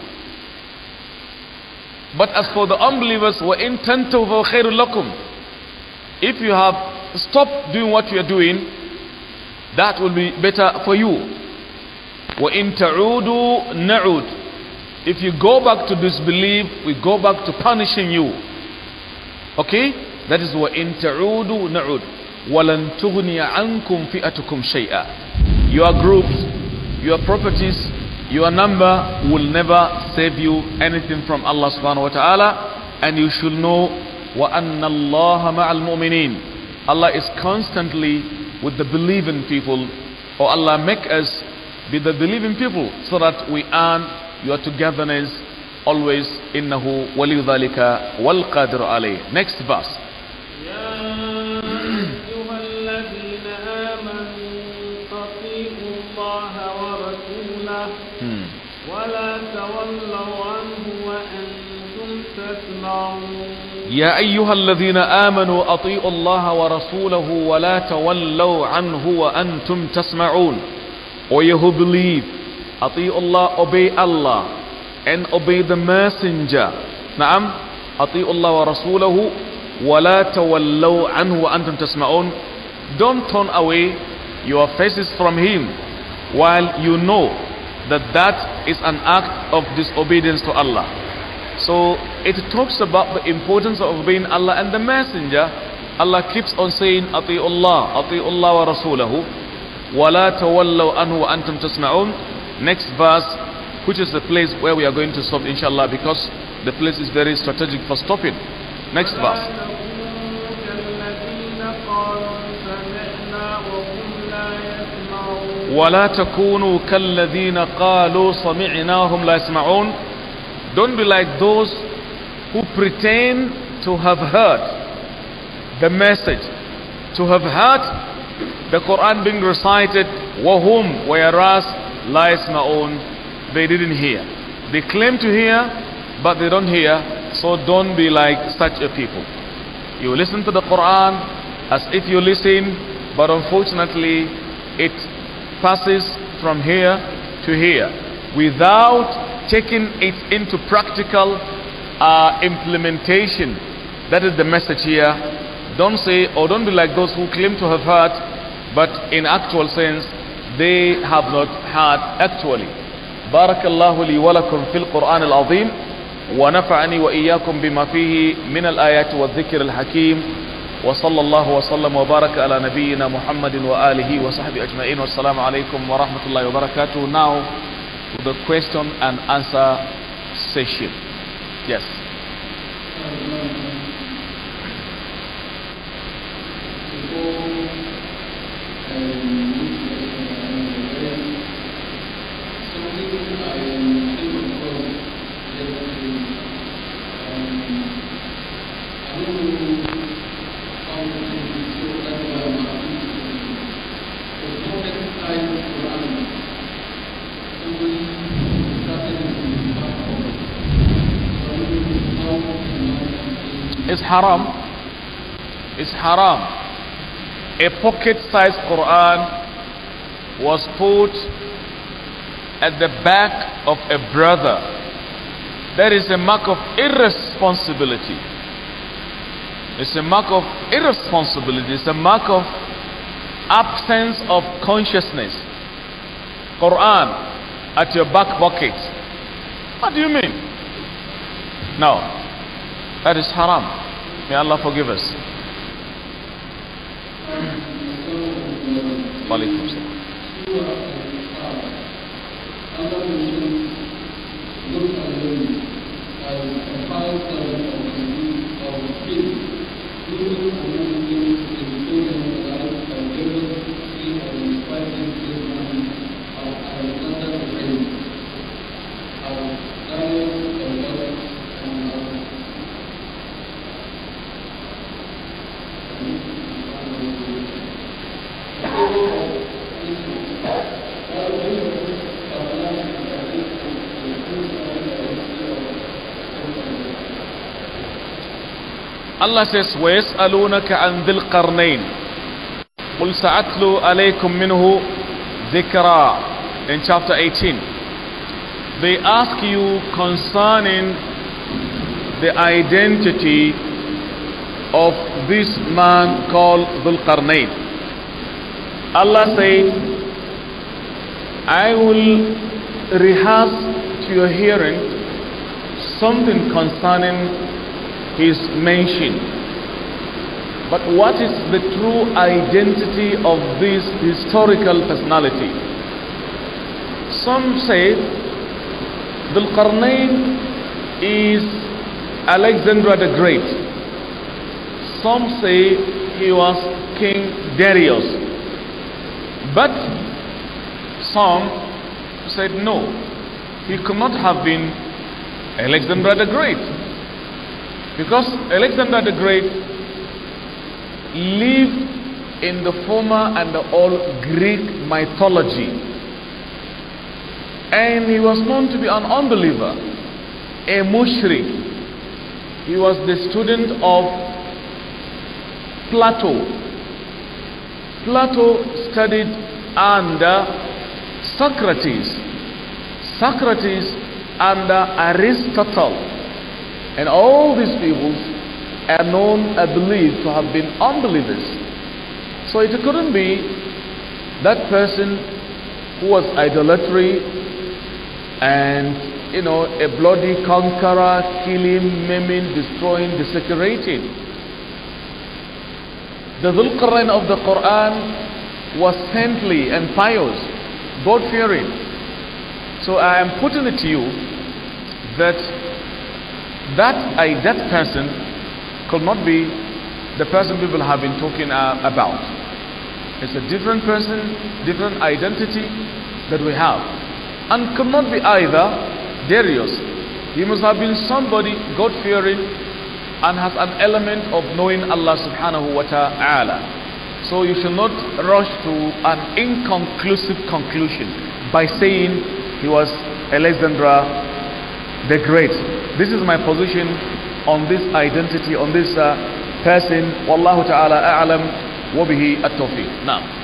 But as for the unbelievers, were intent over لَكُمْ If you have stopped doing what you are doing, that will be better for you. in تَعُودُوا نَعُودُ If you go back to disbelief, we go back to punishing you. Okay? That is وَإِن تَعُودُوا نَعُودُ وَلَن تُغْنِيَ عَنْكُمْ فِئَتُكُمْ شَيْئًا your groups, your properties, your number will never save you anything from Allah subhanahu wa ta'ala. And you should know وَأَنَّ اللَّهَ مَعَ الْمُؤْمِنِينَ Allah is constantly with the believing people. Or oh Allah make us be the believing people so that we earn your togetherness always. إِنَّهُ وَلِيُّ ذَلِكَ وَالْقَادِرُ عَلَيْهِ Next verse. ولا تولوا عنه وأنتم تسمعون يا أيها الذين آمنوا أطيعوا الله ورسوله ولا تولوا عنه وأنتم تسمعون Or you who believe, أطيع الله, obey Allah and obey the messenger. نعم أطيع الله ورسوله ولا تولوا عنه وأنتم تسمعون Don't turn away your faces from him while you know that that is an act of disobedience to Allah. So it talks about the importance of obeying Allah and the messenger. Allah keeps on saying, "Atiullah, الله, أطيع الله ورسوله ولا تولوا عنه وأنتم تسمعون. Next verse, which is the place where we are going to stop, inshallah, because the place is very strategic for stopping. Next verse. ولا تكونوا كالذين قالوا لا يسمعون don't be like those who pretend to have heard the message to have heard the Quran being recited وهم whereas لا يسمعون they didn't hear they claim to hear but they don't hear so don't be like such a people you listen to the Quran as if you listen but unfortunately it passes from here to here without taking it into practical uh, implementation. That is the message here. Don't say or don't be like those who claim to have heard, but in actual sense, they have not heard actually. بارك الله لي ولكم في القرآن العظيم ونفعني وإياكم بما فيه من الآيات والذكر الحكيم وصلى الله وسلم وبارك على نبينا محمد وآله وصحبه أجمعين والسلام عليكم ورحمة الله وبركاته now to the question and answer session yes Thank you. It's haram. It's haram. A pocket-sized Quran was put at the back of a brother. That is a mark of irresponsibility. It's a mark of irresponsibility. It's a mark of absence of consciousness. Quran at your back pocket. What do you mean? Now, that is haram. May Allah forgive us. Allah says, وَيَسْأَلُونَكَ عَنْ ذِي الْقَرْنَيْنِ قُلْ عَلَيْكُمْ مِنْهُ ذِكْرًا In chapter 18, they ask you concerning the identity of this man called Dhul Qarnayn. Allah says, I will rehearse to your hearing something concerning is mentioned. But what is the true identity of this historical personality? Some say Dhul Qarnayn is Alexander the Great. Some say he was King Darius. But some said no, he could not have been Alexander the Great because Alexander the Great lived in the former and the old Greek mythology. And he was known to be an unbeliever, a mushrik. He was the student of Plato. Plato studied under Socrates. Socrates under Aristotle. And all these people are known are believed to have been unbelievers. So it couldn't be that person who was idolatry and you know a bloody conqueror, killing, maiming, destroying, desecrating. The Dhulqarnain of the Quran was saintly and pious, God fearing. So I am putting it to you that that a dead person could not be the person people have been talking uh, about. It's a different person, different identity that we have. And could not be either Darius. He must have been somebody God fearing and has an element of knowing Allah subhanahu wa ta'ala. So you should not rush to an inconclusive conclusion by saying he was Alexandra the great. This is my position on this identity, on this uh, person. Wallahu ta'ala a'lam wa bihi at-tawfiq. Now.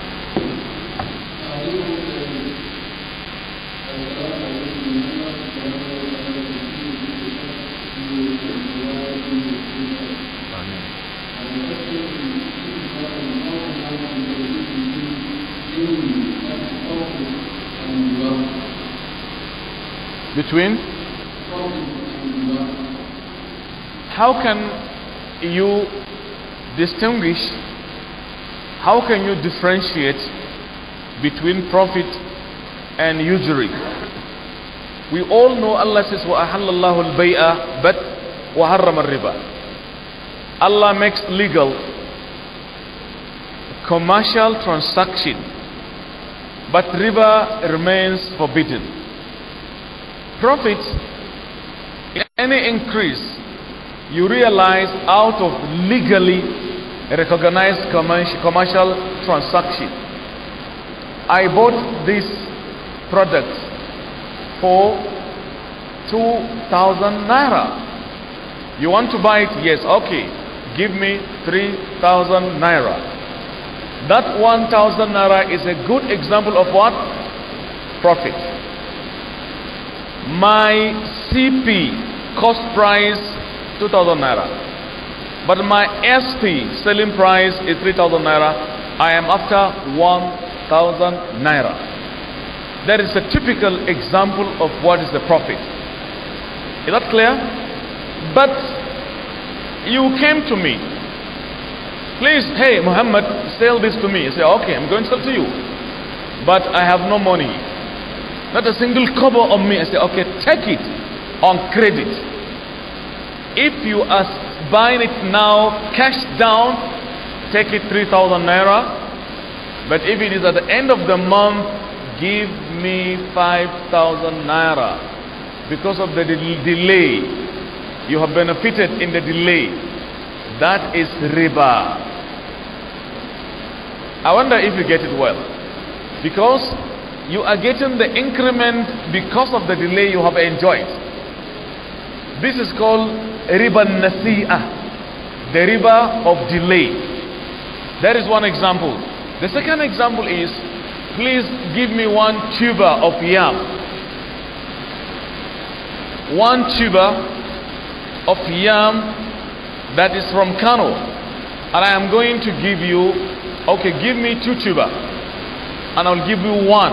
Between? how can you distinguish, how can you differentiate between profit and usury? We all know Allah says, "Wa al اللَّهُ but wa وَحَرَّمَ riba." Allah makes legal commercial transaction, but riba remains forbidden. Profit, any increase you realize out of legally recognized commercial transaction. I bought this product for 2,000 naira. You want to buy it? Yes, okay. Give me 3,000 naira. That 1,000 naira is a good example of what? Profit. My CP, cost price 2000 naira. But my ST selling price is 3000 naira. I am after 1000 naira. That is a typical example of what is the profit. Is that clear? But you came to me. Please, hey, Muhammad, sell this to me. I say, okay, I'm going to sell to you. But I have no money. Not a single cover on me. I say, okay, take it on credit. If you are buying it now, cash down, take it 3,000 naira. But if it is at the end of the month, give me 5,000 naira. Because of the de delay, you have benefited in the delay. That is riba. I wonder if you get it well. Because you are getting the increment because of the delay you have enjoyed. This is called riba nasi'ah, the riba of delay. That is one example. The second example is, please give me one tuber of yam. One tuber of yam that is from Kano. And I am going to give you, okay, give me two tuber. And I'll give you one,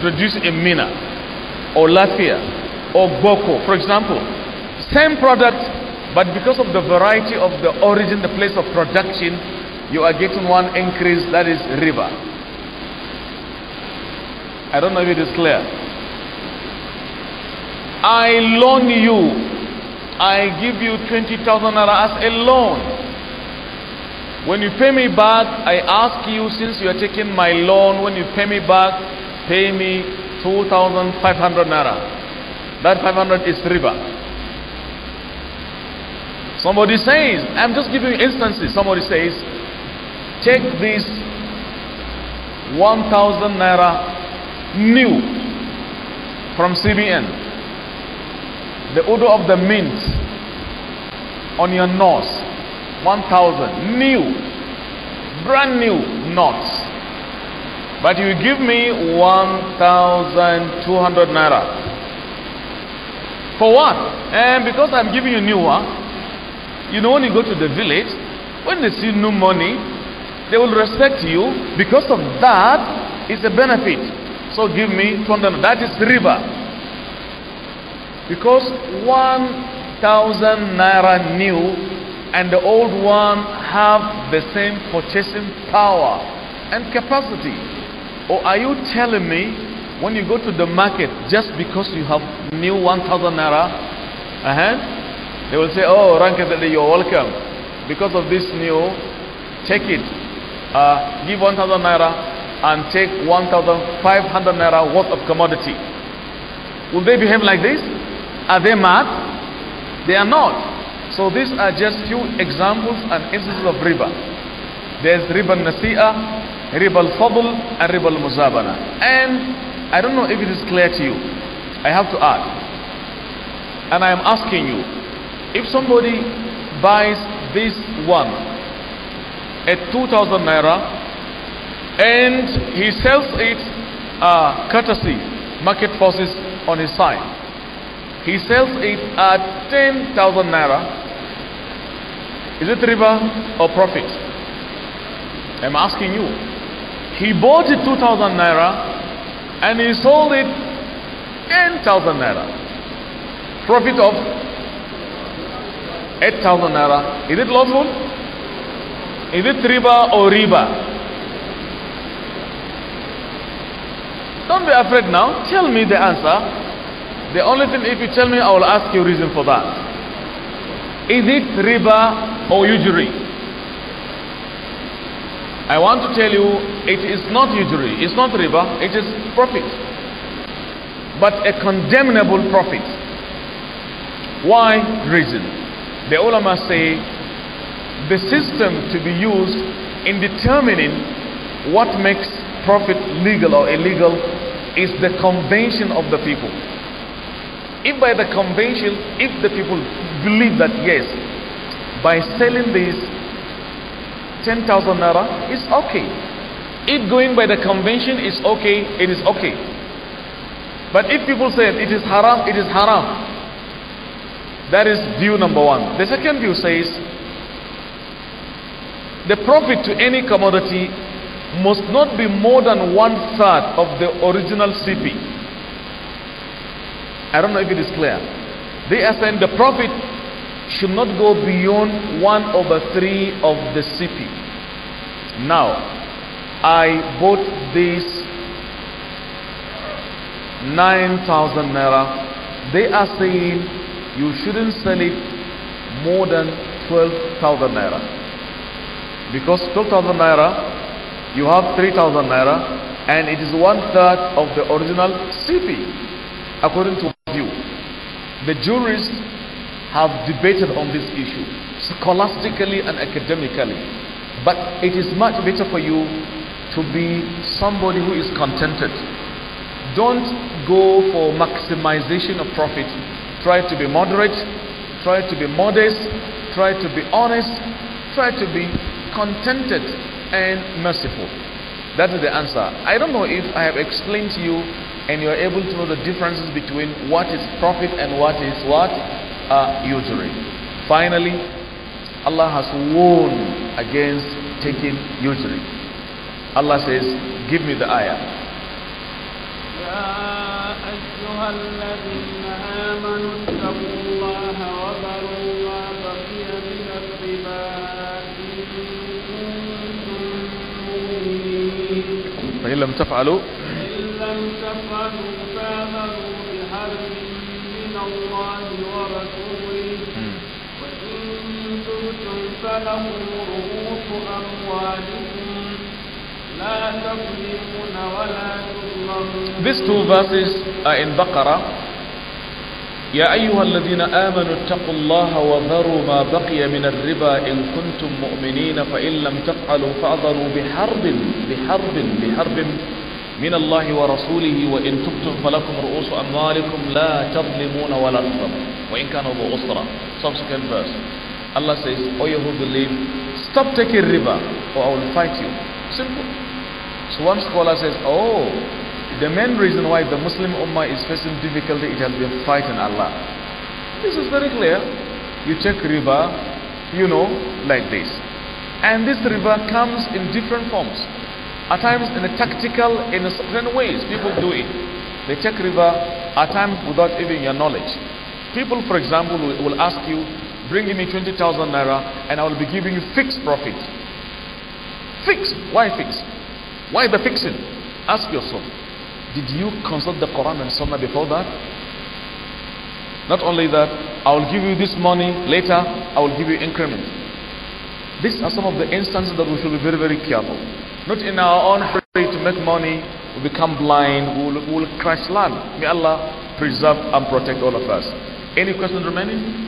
produce a mina, or lafia, or boko, for example. Same product, but because of the variety of the origin, the place of production, you are getting one increase that is river. I don't know if it is clear. I loan you, I give you 20,000 naira as a loan. When you pay me back, I ask you, since you are taking my loan, when you pay me back, pay me 2,500 naira. That 500 is river. Somebody says, I'm just giving you instances. Somebody says, take this 1000 naira new from CBN. The odor of the mint on your nose. 1000 new, brand new knots. But you give me 1200 naira. For what? And because I'm giving you new one, you know, when you go to the village, when they see new money, they will respect you. Because of that, it's a benefit. So give me 200. That is river. Because 1,000 naira new and the old one have the same purchasing power and capacity. Or are you telling me when you go to the market just because you have new 1,000 naira, uh -huh, they will say, oh, Rankazali, you're welcome. Because of this new, take it. Uh, give 1,000 naira and take 1,500 naira worth of commodity. Will they behave like this? Are they mad? They are not. So these are just few examples and instances of riba. There's riba nasi'a, riba al-fadl, and riba al-muzabana. And I don't know if it is clear to you. I have to ask. And I am asking you, if somebody buys this one at 2,000 naira and he sells it uh, courtesy, market forces on his side. He sells it at 10,000 naira. Is it revenue or profit? I'm asking you. He bought it 2,000 naira and he sold it 10,000 naira. Profit of 8,000 naira. Is it lawful? Is it riba or riba? Don't be afraid now. Tell me the answer. The only thing, if you tell me, I will ask you reason for that. Is it riba or usury? I want to tell you, it is not usury. It's not riba. It is profit. But a condemnable profit. Why? Reason the ulama say the system to be used in determining what makes profit legal or illegal is the convention of the people. If by the convention, if the people believe that yes, by selling this 10,000 naira, it's okay. If going by the convention is okay, it is okay. But if people say it is haram, it is haram. That is view number one. The second view says the profit to any commodity must not be more than one third of the original CP. I don't know if it is clear. They are saying the profit should not go beyond one over three of the CP. Now, I bought this 9,000 naira. They are saying you shouldn't sell it more than 12,000 naira. Because 12,000 naira, you have 3,000 naira, and it is one third of the original CP, according to you, view. The jurists have debated on this issue scholastically and academically, but it is much better for you to be somebody who is contented. Don't go for maximization of profit Try to be moderate, try to be modest, try to be honest, try to be contented and merciful. That is the answer. I don't know if I have explained to you and you are able to know the differences between what is profit and what is what uh, usury. Finally, Allah has warned against taking usury. Allah says, "Give me the ayah." آمنوا اتقوا الله وذروا ما بقي من الربا فإن لم تفعلوا فإن لم تفعلوا فآمنوا بحرب من الله ورسوله وإن تبتم فلهم رؤوس أموالكم لا تظلمون ولا تظلمون These two verses are in Baqarah يا أيها الذين آمنوا اتقوا الله وذروا ما بقي من الربا إن كنتم مؤمنين فإن لم تفعلوا فأذروا بحرب بحرب بحرب من الله ورسوله وإن تبتم فلكم رؤوس أموالكم لا تظلمون ولا تظلم وإن كانوا ذو أسرة subsequent verse Allah says O you who believe stop taking riba or I will fight you simple so one scholar says oh the main reason why the Muslim Ummah is facing difficulty, it has been fighting Allah. This is very clear. You take riba, you know, like this. And this riba comes in different forms. At times in a tactical, in a certain ways, people do it. They take riba at times without even your knowledge. People, for example, will ask you, bring me 20,000 naira and I will be giving you fixed profit. Fixed. Why fixed? Why the fixing? Ask yourself. Did you consult the Quran and Sunnah before that? Not only that, I will give you this money, later I will give you increment. These are some of the instances that we should be very, very careful. Not in our own hurry to make money, we become blind, we will, we will crash land. May Allah preserve and protect all of us. Any questions remaining?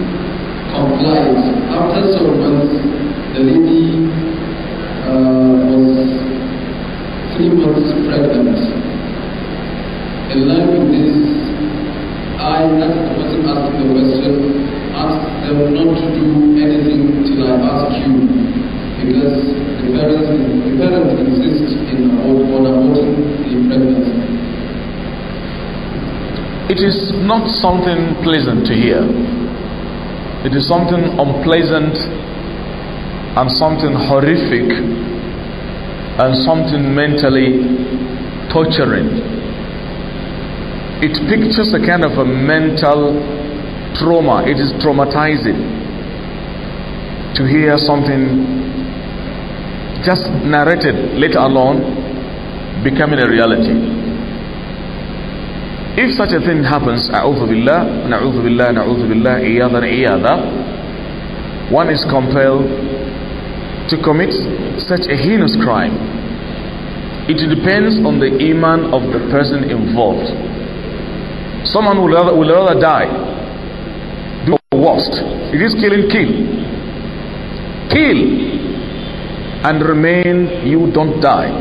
After several months, the lady uh, was three months pregnant. In line with this, I asked the person asking the question, asked them not to do anything till I ask you, because the parents, the parents insist in, on aborting the pregnancy. It is not something pleasant to hear. It is something unpleasant and something horrific and something mentally torturing. It pictures a kind of a mental trauma. It is traumatizing to hear something just narrated, let alone becoming a reality. If such a thing happens, a'udhu billah, na'udhu billah, na'udhu billah, iyadha, iyadha, one is compelled to commit such a heinous crime. It depends on the iman of the person involved. Someone will rather, will rather die, do the worst. It is killing, kill. Kill and remain, you don't die.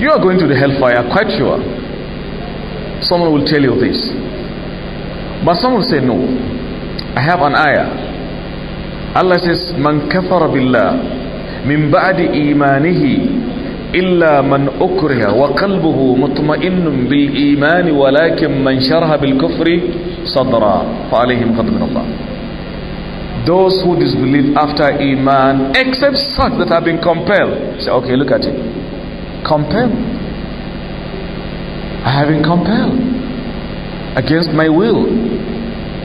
You are going to the hellfire, quite sure. Someone will tell you this. But someone say, no, I have an ayah. Allah says, "Man من كفر بالله illa man إيمانه wa من أكره وقلبه مطمئن بالإيمان ولكن من شرها بالكفر صدرا فعليهم غضب من الله Those who disbelieve after Iman except such that have been compelled say okay look at it compelled I have been compelled against my will.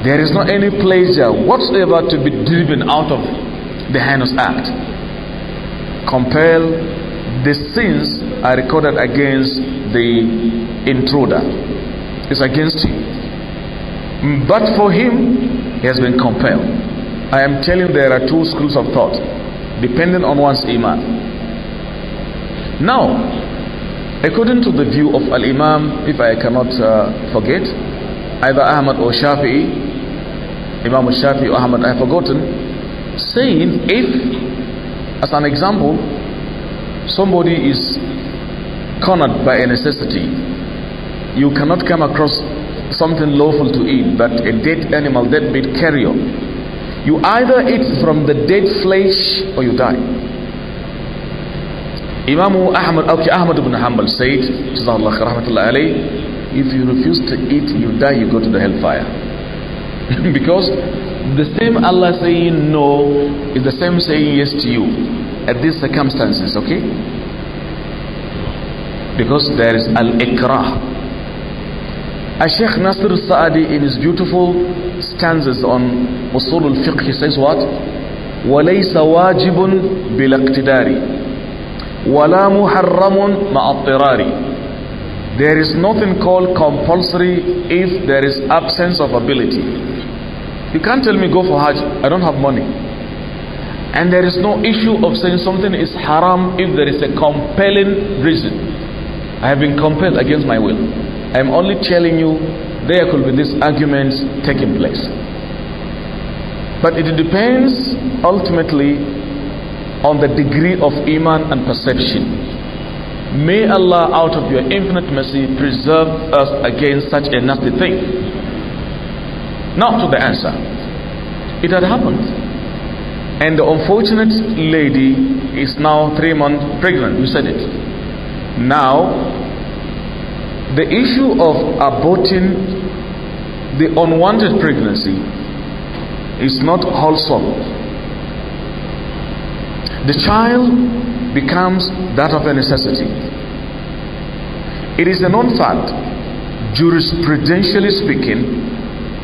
There is not any pleasure whatsoever to be driven out of the heinous act. Compel the sins are recorded against the intruder. It's against him. But for him, he has been compelled. I am telling you, there are two schools of thought depending on one's iman. Now, According to the view of Al Imam, if I cannot uh, forget, either Ahmad or Shafi'i, Imam Shafi'i or Ahmad, I have forgotten, saying if, as an example, somebody is cornered by a necessity, you cannot come across something lawful to eat, but a dead animal, dead meat, carrier. You either eat from the dead flesh or you die. Imam Ahmad, okay, Ahmad ibn Hanbal said, if you refuse to eat, you die, you go to the hellfire. because the same Allah saying no is the same saying yes to you at these circumstances, okay? Because there is al ikrah. A Sheikh Nasir Saadi in his beautiful stanzas on Usul al Fiqh, he says what? وَلَيْسَ وَاجِبٌ بِالْاقْتِدَارِ ولا محرم مع اضطراري there is nothing called compulsory if there is absence of ability. You can't tell me go for Hajj, I don't have money. And there is no issue of saying something is haram if there is a compelling reason. I have been compelled against my will. I am only telling you there could be these arguments taking place. But it depends ultimately on the degree of iman and perception. May Allah, out of your infinite mercy, preserve us against such a nasty thing. Now to the answer. It had happened. And the unfortunate lady is now three months pregnant. You said it. Now, the issue of aborting the unwanted pregnancy is not wholesome the child becomes that of a necessity. It is a known fact, jurisprudentially speaking,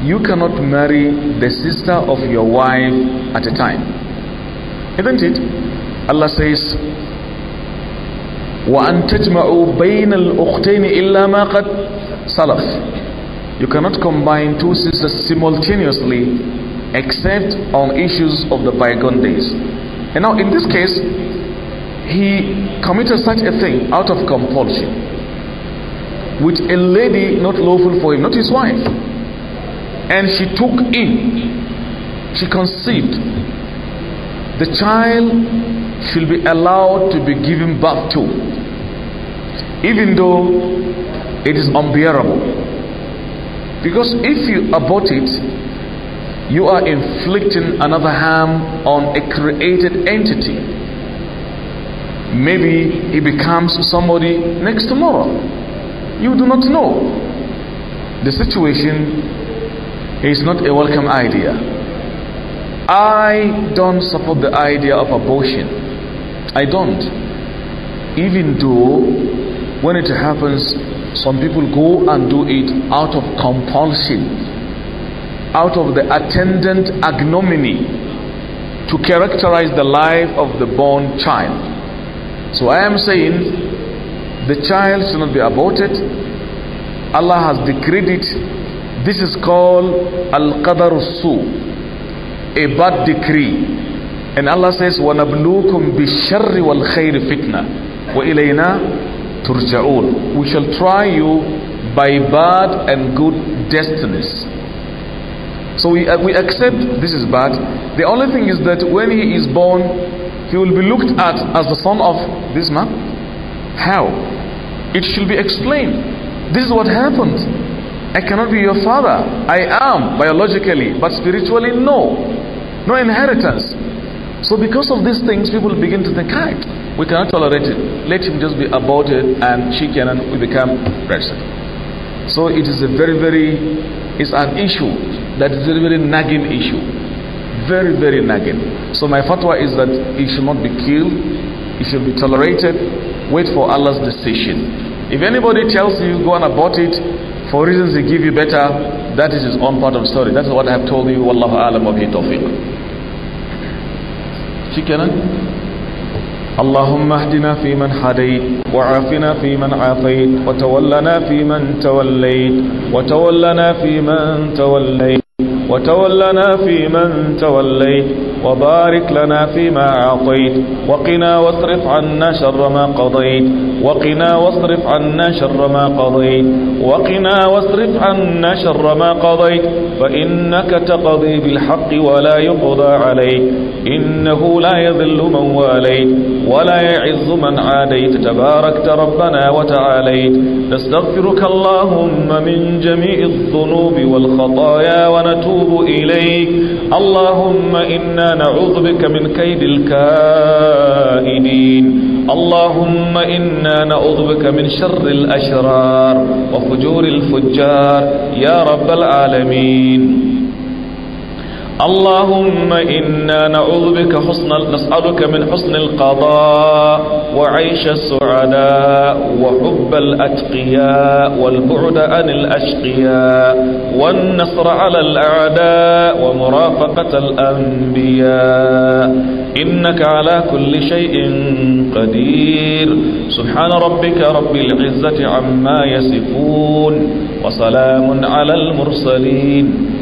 you cannot marry the sister of your wife at a time. Isn't it? Allah says, وأن تجمعوا بين الأختين إلا ما قد سلف You cannot combine two sisters simultaneously except on issues of the bygone days. And now, in this case, he committed such a thing out of compulsion with a lady not lawful for him, not his wife. And she took in, she conceived. The child should be allowed to be given birth to, even though it is unbearable. Because if you abort it, you are inflicting another harm on a created entity. Maybe he becomes somebody next tomorrow. You do not know. The situation is not a welcome idea. I don't support the idea of abortion. I don't. Even though when it happens, some people go and do it out of compulsion out of the attendant ignominy to characterize the life of the born child. So I am saying the child should not be aborted. Allah has decreed it. This is called Al Qadar Su, a bad decree. And Allah says, وَنَبْلُوكُمْ بِالشَّرِّ وَالْخَيْرِ فِتْنَةً وَإِلَيْنَا تُرْجَعُونَ We shall try you by bad and good destinies. So we, uh, we accept this is bad. The only thing is that when he is born, he will be looked at as the son of this man. How? It should be explained. This is what happened. I cannot be your father. I am biologically, but spiritually, no. No inheritance. So because of these things, people begin to think, hey, we cannot tolerate it. Let him just be aborted and she can and we become pregnant. So it is a very, very, it's an issue that is a very nagging issue. Very, very nagging. So my fatwa is that he should not be killed, He should be tolerated. Wait for Allah's decision. If anybody tells you go and abort it for reasons he give you better, that is his own part of the story. That is what I have told you. Wallahu alam wa tawfiq. Shikenan? اللهم اهدنا فيمن هديت وعافنا فيمن عافيت وتولنا فيمن توليت وتولنا فيمن توليت وتولنا في من توليت وبارك لنا فيما أعطيت وقنا واصرف عنا شر ما قضيت وقنا واصرف عنا شر ما قضيت وقنا واصرف عنا شر ما قضيت فإنك تقضي بالحق ولا يقضى عليك إنه لا يذل من واليت ولا يعز من عاديت تباركت ربنا وتعاليت نستغفرك اللهم من جميع الذنوب والخطايا ونتوب إليك اللهم إنا إنا نعوذ بك من كيد الكائدين اللهم إنا نعوذ بك من شر الأشرار وفجور الفجار يا رب العالمين اللهم إنا نعوذ بك حسن نسألك من حسن القضاء وعيش السعداء وحب الأتقياء والبعد عن الأشقياء والنصر على الأعداء ومرافقة الأنبياء إنك على كل شيء قدير سبحان ربك رب العزة عما يصفون وسلام على المرسلين